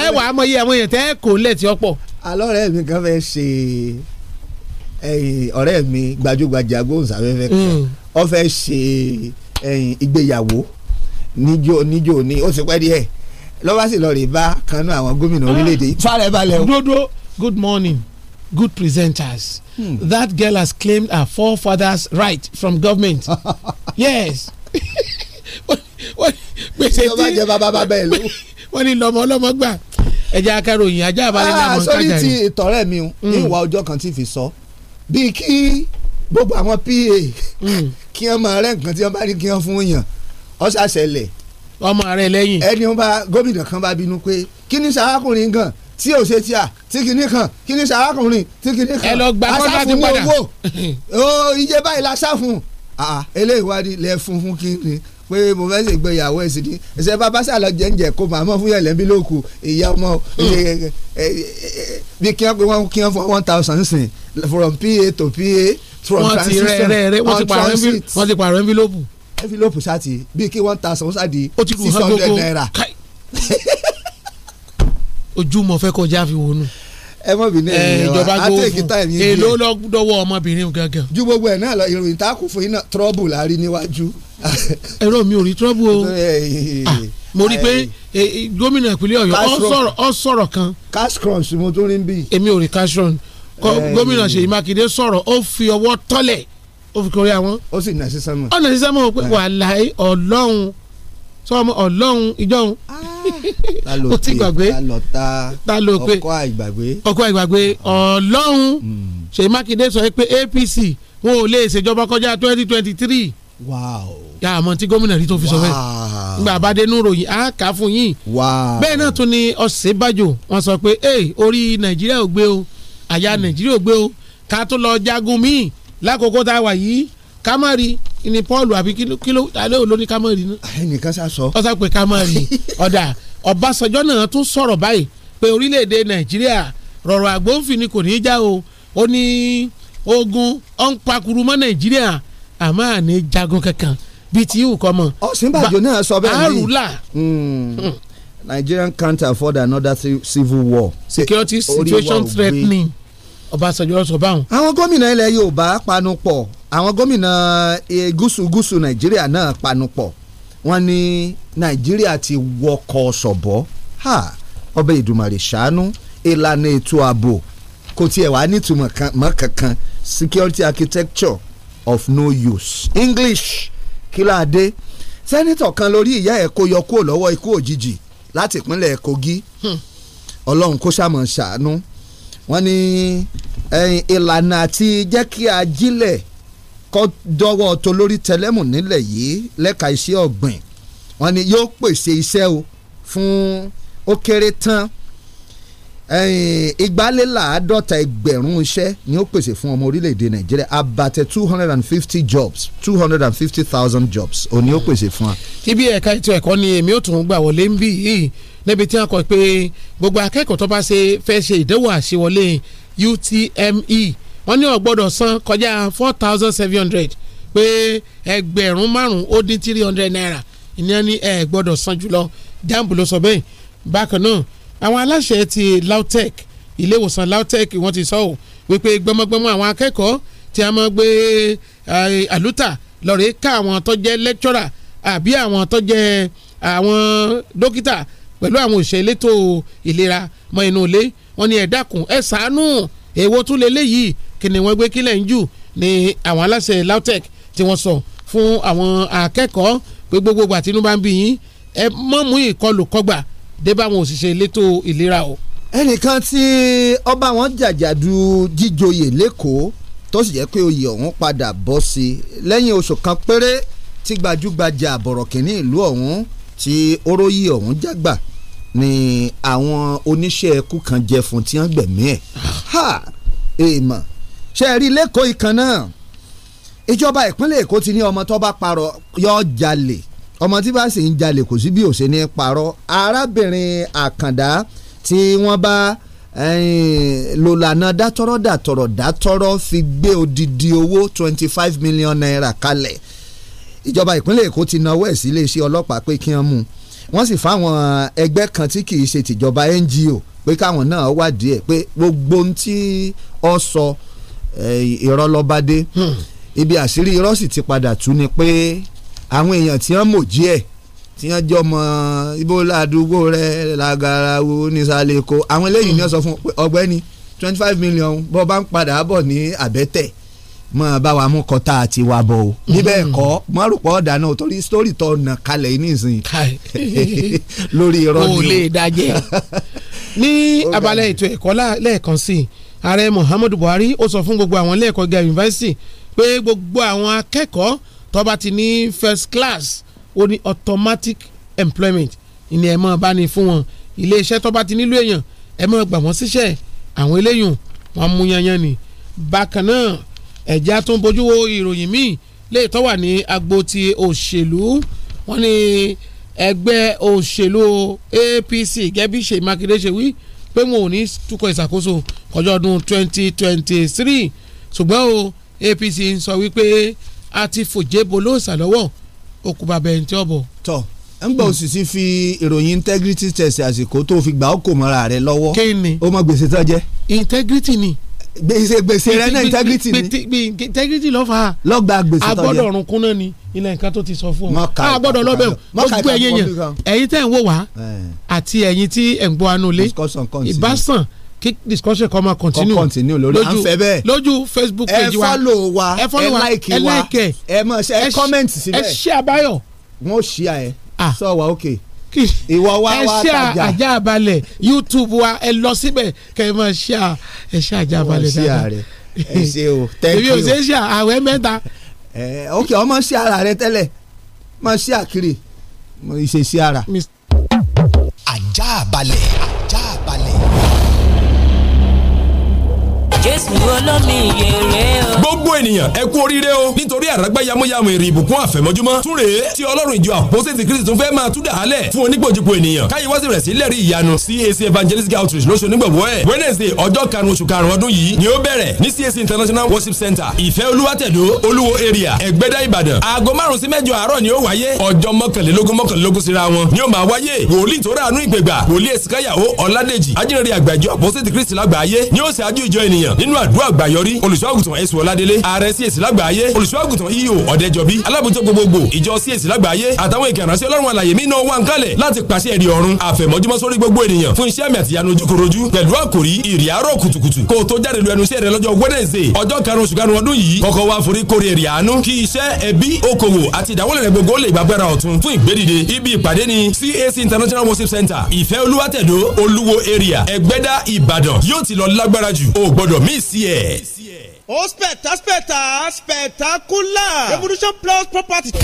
ẹ wà á mọ iye àwọn èèyàn tẹ́ ẹ kò lẹ̀ tí ó pọ̀. alọ́rẹ̀ mi kan fẹ́ ṣe ọ̀rẹ́ mi gbajúgbajà gbóhùnsáfẹ́fẹ́ kan mm. ó fẹ́ ṣe ìgbéyàwó níjó níjó ní ó pẹ́ díẹ̀ lọ́wọ́ sì bá kanú àwọn gómìnà orílẹ̀-èdè yìí. Ah, o. dodo good morning. good presenters. Hmm. That girl has claimed her forefathers' right from government. [laughs] yes. wọ́n ní lọ́mọ gbà ẹ̀jẹ̀ akẹ́ròyìn ajá àbálẹ̀ nǹkan ah, jẹ́ ti ìtọ̀rẹ́ mi o hmm. ní ìwà ọjọ́ kan tí fi sọ bíi kí gbogbo àwọn pa hmm. kí wọ́n máa rẹ́ nǹkan tí wọ́n bá ní kí wọ́n fún yàn ọ̀sà ṣẹlẹ̀ ọmọ rẹ̀ lẹ́yìn ẹni wọn bá gómìnà kan bá bínú pé kí ni iwa ojo kan ti fi so bii ki gbogbo awon pa ki won maa re nnkan ti won ba ki won fun yan omo re leyin eni won ba gomina kan ba binu pe ki ni saakunrin gan an tí ò ṣe tíà tí kìíní kan kìíní sàrákùnrin tí kìíní kan asáfún ní owó [laughs] o iye báyìí la sáfún eléyìí wá ní ilẹ̀ funfun kìíní pé mo fẹ́ ṣe ìgbéyàwó ẹ̀sìn ní ẹ̀sẹ̀ bàbá sàlọ jẹ́ǹjẹ̀ kó màmá fún yẹ̀lẹ̀ bí lóko ìyá ọmọ hmm. bí kí wọ́n pé wọ́n kí wọ́n fún one thousand sìn from pa to pa from transistor on transit envelope. sáti bíi kí one thousand sáti six hundred naira. [laughs] ojú mo fẹ́ kọjá fi wò nù. ẹ mọ̀ bí ní ẹ̀yìn wa àtẹ̀kítà ẹ̀yìn yìí. èló lọ́wọ́ ọmọbìnrin gangan. ju gbogbo ẹ̀ náà lọ ìròyìn tá a kò fún yín náà trọ́bù la rí níwájú. [laughs] ẹ̀rọ mi ò rí trọ́bù o [laughs] ah, mo rí pé gómìnà ìpínlẹ̀ ọ̀yọ́ ọ sọ̀rọ̀ kan. cash crunch mo tún rí bí. èmi ò rí cash crunch gómìnà ṣèyí mákindé sọ̀rọ̀ ó fi ọwọ́ tọ́lẹ̀ ó fi kórè àwọn. ó sì nà sí sánmọ̀. ó nà sí sánmọ̀ pé wàhálà ọlọ́run sọ́mọ ọlọ́run ìjọ́run o ti gbàgbé ta ló pe ọkọ àìgbàgbé ọkọ àìgbàgbé ah. ọlọ́run hmm. ṣèyí mákindé sọ pé apc wọn ò lè ṣèjọba kọjá twenty twenty three yà àmọ́ tí gómìnà rí tó fi sọ bẹ́ẹ̀ ngbà àbádẹnú ròyìn á kà á fún yín bẹ́ẹ̀ náà tún ni ọ̀sẹ̀bàjò wọn sọ pé orí nàìjíríà ò gbé o àyà nàìjíríà ò gbé o ká tó lọ jagun míì lákòókò tá a wà yìí ká má rí ni Paul àbí kí alẹ́ òun ká mọ̀ rí ná. ẹnìkan ṣá sọ. ọ̀sán pé ká mọ̀ rí ọ̀dà Ọbásanjọ́ náà tún sọ̀rọ̀ báyìí pé orílẹ̀-èdè Nàìjíríà rọ̀rọ̀ àgbóǹfin ni kò ní í já o ó ní ogun ọ̀npakuru mọ́ Nàìjíríà àmọ́ àní jagun kankan bíi ti ìhù kọ́ mọ́. Ọ̀sìnbàjò náà sọ bẹ́ẹ̀ ni àrùlà. Hmm. Nigerian can't afford another civil war. security situation threatening Ọbásanjọ́ sọ báwọn. àwọn gómìnà ilẹ̀ Yorùbá panu pọ̀ àwọn gómìnà eh, gúúsù gúúsù nàìjíríà náà panupọ̀ wọ́n ní nàìjíríà ti wọkọ̀ ṣọ̀bọ̀ ọbẹ̀ ìdùmarè ṣàánú ìlànà ètò ààbò kò tiẹ̀ wá nítumọ̀ mọ́ kankan security architecture of no use english kíláàdé sẹ́nitọ̀ kan lórí ìyá ẹ̀ kó yọ kúrò lọ́wọ́ ikú òjijì láti ìpínlẹ̀ kogi hmm. ọlọ́run kó sàmọ̀ ṣàánú wọ́n ní eh, ìlànà àti jẹ́ kí ajílẹ̀ kó dọ́wọ́ tó lórí tẹlẹ́mù nílẹ̀ yìí lẹ́ka iṣẹ́ ọ̀gbìn wọn ni yóò pèsè iṣẹ́ o fún ó kéré tán igbaléláàádọ́ta ẹgbẹ̀rún iṣẹ́ ni ó pèsè fún ọmọ orílẹ̀-èdè nàìjíríà abatẹ two hundred and fifty jobs two hundred and fifty thousand jobs òní ó pèsè fún wa. ibi ẹ̀ka ètò ẹ̀kọ́ ni èmi ò tún gbà wọlé ń bì yìí níbi tí wọ́n kọ pé gbogbo akẹ́kọ̀ọ́ tó bá ṣe fẹ́ ṣe ìdánwò àṣewọlé UTME wọ́n ní ó gbọ́dọ̀ san kọjá four thousand seven hundred pé ẹgbẹ̀rún márùn ó dín three hundred naira ìyẹn ní ẹ gbọ́dọ̀ san jùlọ jamb ló sọ bẹ́ẹ̀ bákan náà àwọn aláṣẹ ti LAUTECH ilé ìwòsàn LAUTECH wọ́n ti sọ ọ́ wípé gbọmọgbọmọ àwọn akẹ́kọ̀ọ́ tí a máa gbé àlùtà lọ́ọ̀rẹ́ ká àwọn tó jẹ́ lẹ́kítọ́rà àbí àwọn tó jẹ́ àwọn dókítà pẹ̀lú àwọn òṣèré elétò ìlera mọ inú ilé wọn ni ẹ dákun ẹ ṣàánú tún lè léyìí kí ni wọ́n gbé kílẹ̀ ń jù ní àwọn aláṣẹ LAUTECH tí wọ́n sọ fún àwọn akẹ́kọ̀ọ́ pé gbogbo ìgbà tínú bá ń bí yín ẹ mọ́ mú ìkọlù kọgbà dé bá àwọn òṣìṣẹ́ elétò ìlera o. ẹnìkan tí ọba wọn jàjàdù jíjoyè lẹ́kọ̀ọ́ tó sì jẹ́ pé oyè ọ̀hún padà bọ́ sí i lẹ́yìn oṣù kan péré tí gbajúgbajà àbọ̀rọ̀kìnní ìlú ọ̀hún tí oróyè ọ̀hún jágbà ni àwọn oníṣẹ́ ẹkú kan jẹ fún tí wọ́n gbẹ̀mí ẹ̀ ah. ha èèmọ̀. E ṣe rí lẹ́kọ̀ọ́ ìkan náà ìjọba ìpínlẹ̀ èkó ti ní ọmọ tó bá parọ́ yọ jalè ọmọ tí bá sì ń jalè kò sí bí ò ṣe ní parọ́ arábìnrin àkàndá tí wọ́n bá lòlànà dátọ́rọ́ dátọ́rọ́ dátọ́rọ́ fi gbé odidi owó twenty five million naira kalẹ̀ ìjọba ìpínlẹ̀ èkó ti nawọ́ ẹ̀ sí iléeṣẹ́ ọlọ́pàá pé kí wọ́n mú wọ́n sì fáwọn ẹgbẹ́ kan tí kì í ṣe tìjọba NGO pé káwọn náà wádìí ẹ̀ pé gbogbo ohun tí ọ sọ so, Eh, irọ́ lọ́ba dé hmm. ibi àṣírí irọ́ sì ti padà tú ni pé àwọn èèyàn tí wọ́n mọ̀ díẹ̀ tí wọ́n jọ mọ ibo ládùúgbò rẹ̀ làgàràwò nísàlẹ̀kọ àwọn eléyìí ni wọ́n sọ fún ọgbẹ́ni twenty five million bọ́ bá ń padà bọ̀ ní àbẹ́tẹ̀ mọ bá wa mú kọta àti wa bọ o níbẹ̀ ẹ̀kọ́ hmm. márùpọ̀ ọ̀dà náà torí sítórì tó ọ̀nà kalẹ̀ yìí nìsín [laughs] lórí irọ́ ni o. o lè dajẹ́ [laughs] ní abalẹ̀ ètò ẹ̀kọ́ lẹ́ẹ̀kan sí i ààrẹ Muhammadu Buhari ó sọ fún gbogbo àwọn ilé ẹ̀kọ́ gíga yunifásitì pé gbogbo àwọn akẹ́kọ̀ọ́ tó ti ní first class ó ní automatic employment ìní ẹ̀ mọ́ bá ní fún wọn ilé iṣẹ́ tó bá ti nílò èèyàn ẹ̀ mọ́ gbà wọ́n síṣẹ́ àwọn eléyùn wọn mú yanyan ni bákan náà ẹ̀já tó ń bójú wo ìròyìn míì lè tó wà ní agbo ti òṣèlú wọn ni ẹgbẹ́ òṣèlú APC gẹ́bí Ṣèyí Mákindé ṣe wí pé wọn ò ní túkọ̀ ìṣàkóso kọjá ọdún 2023 ṣùgbọ́n o APC ń sọ wípé a ti fòjé bolóòsà lọ́wọ́ òkùnbà bẹ̀rẹ̀ tí ó bọ̀. tọ ń gbọ́ òsì sí fi ìròyìn integrity test àsìkò tó fi gbà ó kò mọ́ra rẹ lọ́wọ́ kí ni ó mọ gbèsè tó jẹ́. integrity ni gbèsè gbèsè rẹ náà integrity ni integrity ló fà á lọ́gba gbèsè tọ́jú agbọ́dọ̀ ọ̀run kún náà ni ilẹ̀ nǹkan tó ti sọ fún ọ agbọ́dọ̀ lọ́bẹ̀ gbogbo ẹ̀yẹ yẹn ẹ̀yin tẹ́ ń wò wá eh. àti ẹ̀yin tí ẹ̀ ń gbọ́ anú ilé ìbásàn kí discussion kọ́ máa continue kọ́ continue lórí à ń fẹ́ bẹ́ẹ̀ lójú facebook page wa ẹ follow wa ẹ follow wa ẹ like wa ẹ like ẹ ẹ comment síbẹ̀ ẹ ṣe àbáyọ wọn ò ṣí à ẹ ah. sọ wa okay Miliki ìwọ wa wa tajà ẹ ṣe àjà balẹ̀ YouTube wa ẹ lọ síbẹ̀ kẹ́ ẹ máa ṣe ẹ ṣe àjà balẹ̀ dáadáa ẹ ṣe o thank you èmi ò ṣe é ṣe àwẹ̀ mẹ́ta. ẹ ok ọmọ ṣe ara rẹ tẹ́lẹ̀ máa ṣe àkiri ìṣesí ara. àjà balẹ̀. jésù olómi yèrè o. gbogbo ènìyàn ẹ kú oríire o nítorí àràgbá yamuyamu èrè ìbùkún àfẹ̀mọ́júmọ́ túre tí ọlọ́run ìjọ àpọ́sẹ̀tì kristi tún fẹ́ máa tú dàálẹ̀ fún onígbòjìpò ènìyàn káyé wá sí rẹ̀ sí lẹ́rìí ìyanu CAC Evangelist outreach lóṣù nígbàgbọ́ ẹ̀ wednesday ọjọ́ karùn-ún oṣù karùn-ún ọdún yìí ni ó bẹ̀rẹ̀ ní CAC international worship center ìfẹ́ olúwàtẹ̀dọ́ olúwo area ẹ̀gbẹ́dá ìbàdàn aago márùn sí mẹ́jọ àárọ̀ ni ó wáyé ọjọ́ mọ́kànlélógún mọ́kànlélógún síra wọn ni ó máa wáyé wòlíì tó ráàánú ìgbègbà wòlíì ẹ̀sìkáyàwó ọ̀ládèjì ajínrere àgbàjọ àpọ́sẹ̀tì kristi lágbàáyé ni ó ṣáájú ìjọ ènìyàn ìbàdàn nínú àdúrà àgbàyọrí olùṣọ́àgùtàn ẹ̀sùn ọ̀ládélé ààrẹ csc lágbàáyé olùṣọ́àgùtàn iyo e ọ̀dẹ́jọbí alábòjọ́ gbogbogbò ìjọ csc lágbàáyé àtàwọn ìkànnàṣẹ́ ọlọ́run àlàyé mi náà wà ń kalẹ̀ láti pàṣẹ ẹ̀rí ọ̀run àfẹ̀mọ́júmọ́ sórí gbogbo ènìyàn fún iṣẹ́ àmì àtìyanu ojúkorojú pẹ̀lú àkòrí ìrì àárọ̀ kùtùkùtù kó o tó jáde lu ẹnu iṣẹ́ rẹ lọ́jọ́ wednesday ọjọ́ karùn-ún oṣù karùn-ún ọdún yìí kọ́kọ́ wá forí kórè èrè àánú kí iṣẹ́ ẹbí okòwò àti ìdáwọ́lẹ̀ rẹ gbogbo lè International Worship Center ìfẹ́ olúwàtẹ̀dó olúwo area ẹgbẹ́dá ìbàdàn yóò ti lọ lágbára jù mísì ẹ̀ ó spẹ̀tà spẹ̀tà spectacular revolution plus property. tó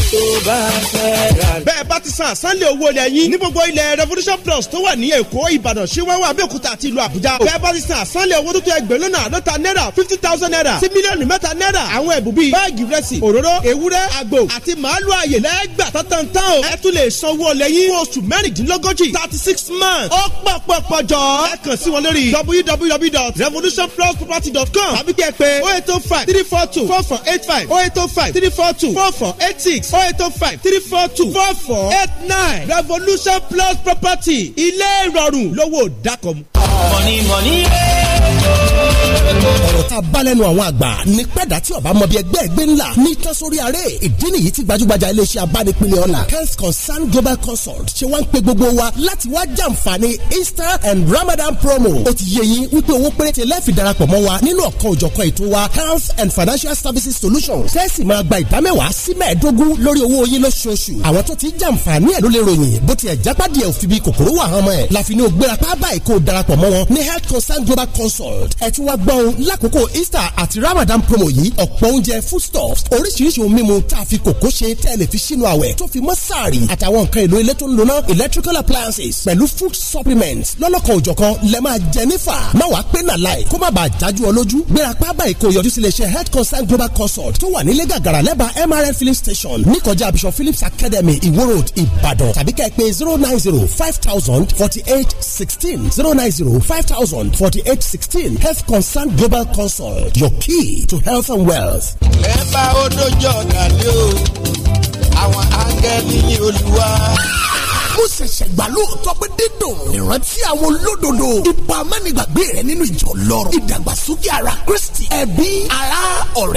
bá fẹ́ ra. bẹ́ẹ̀ bá ti san àsánlé owó ilẹ̀ yín ní gbogbo ilẹ̀ revolution plus tó wà ní èkó ìbàdàn ṣíwáwá abẹ́òkúta àti ìlú àbújá. bẹ́ẹ̀ bá ti san àsánlé owó tuntun ẹgbẹ̀rún àádọ́ta náírà fifty thousand naira sí mílíọ̀nù mẹ́ta náírà. àwọn ẹ̀bùn bíi báàgì rẹsì òróró ewúrẹ́ àgbò àti màálù àyè lẹ́gbà Oh eight oh five three four two four four eight five oh eight oh five three four two four four eight six oh eight oh five three four two four four eight nine revolution plus property ilé ìrọ̀rùn lówó dákọ̀mù. mọ̀nìmọ̀nì yẹn ọ̀rọ̀ tá a bá lẹ́nu àwọn àgbà ní pẹ́ẹ́dá tí ọba mọ bí ẹgbẹ́ ẹgbẹ́ ńlá ní tán sórí aré ìdí nìyí tí gbajúgbajà iléeṣẹ́ abánipínlẹ̀ ọ̀la health concern global consult ṣe wá ń pe gbogbo wa láti wá jàǹfààní easter and ramadan promo ó ti yẹ yín wípé owó péréte lẹ́ẹ̀fì darapọ̀ mọ́ wa nínú ọ̀kan òjọ̀kan ètò wa health and financial services solutions tẹ́sí máa gba ìdámẹ́wàá sí mẹ́ẹ̀ẹ́dógún lórí owó yín lóṣooṣù àwọn tó ti jàǹfààní global consult wá gbọ́ ohun lákòókò Easter àti Ramadan promo yìí ọ̀pọ̀ oúnjẹ foodstuffs oríṣiríṣi ohun mímu tá a fi kòkó ṣe tẹ́lẹ̀ fi sínú àwẹ̀ tó fi mọ́ sáàrì àtàwọn nǹkan èlò ilé tó ń lona electrical appliances pẹ̀lú food supplements lọ́lọ́kan òjọ̀kan lẹ máa jẹ nífà má wàá pé nà láì kó má bàa jájú ọ lójú gbéra pábà èkó yọjú sílé iṣẹ́ health concern global consult tó wà nílé gàgàrà lẹ́bàá MRN filling station níkọjá Bishop Phillips Academy Iwo Road Ìbàdàn tàbí kẹ́ ẹ pé zero nine zero five thousand forty eight sixteen zero nine zero five thousand forty eight sixteen health consult Concern Global Consult, your key to health and wealth. mo ṣẹ̀ṣẹ̀ gbà lóòótọ́ pé dídùn ìrántí àwọn olódodo ipa amánigbàgbé rẹ nínú ìjọ lọ́rọ̀ ìdàgbàsókè ara Kristi ẹbí ara ọ̀rẹ́.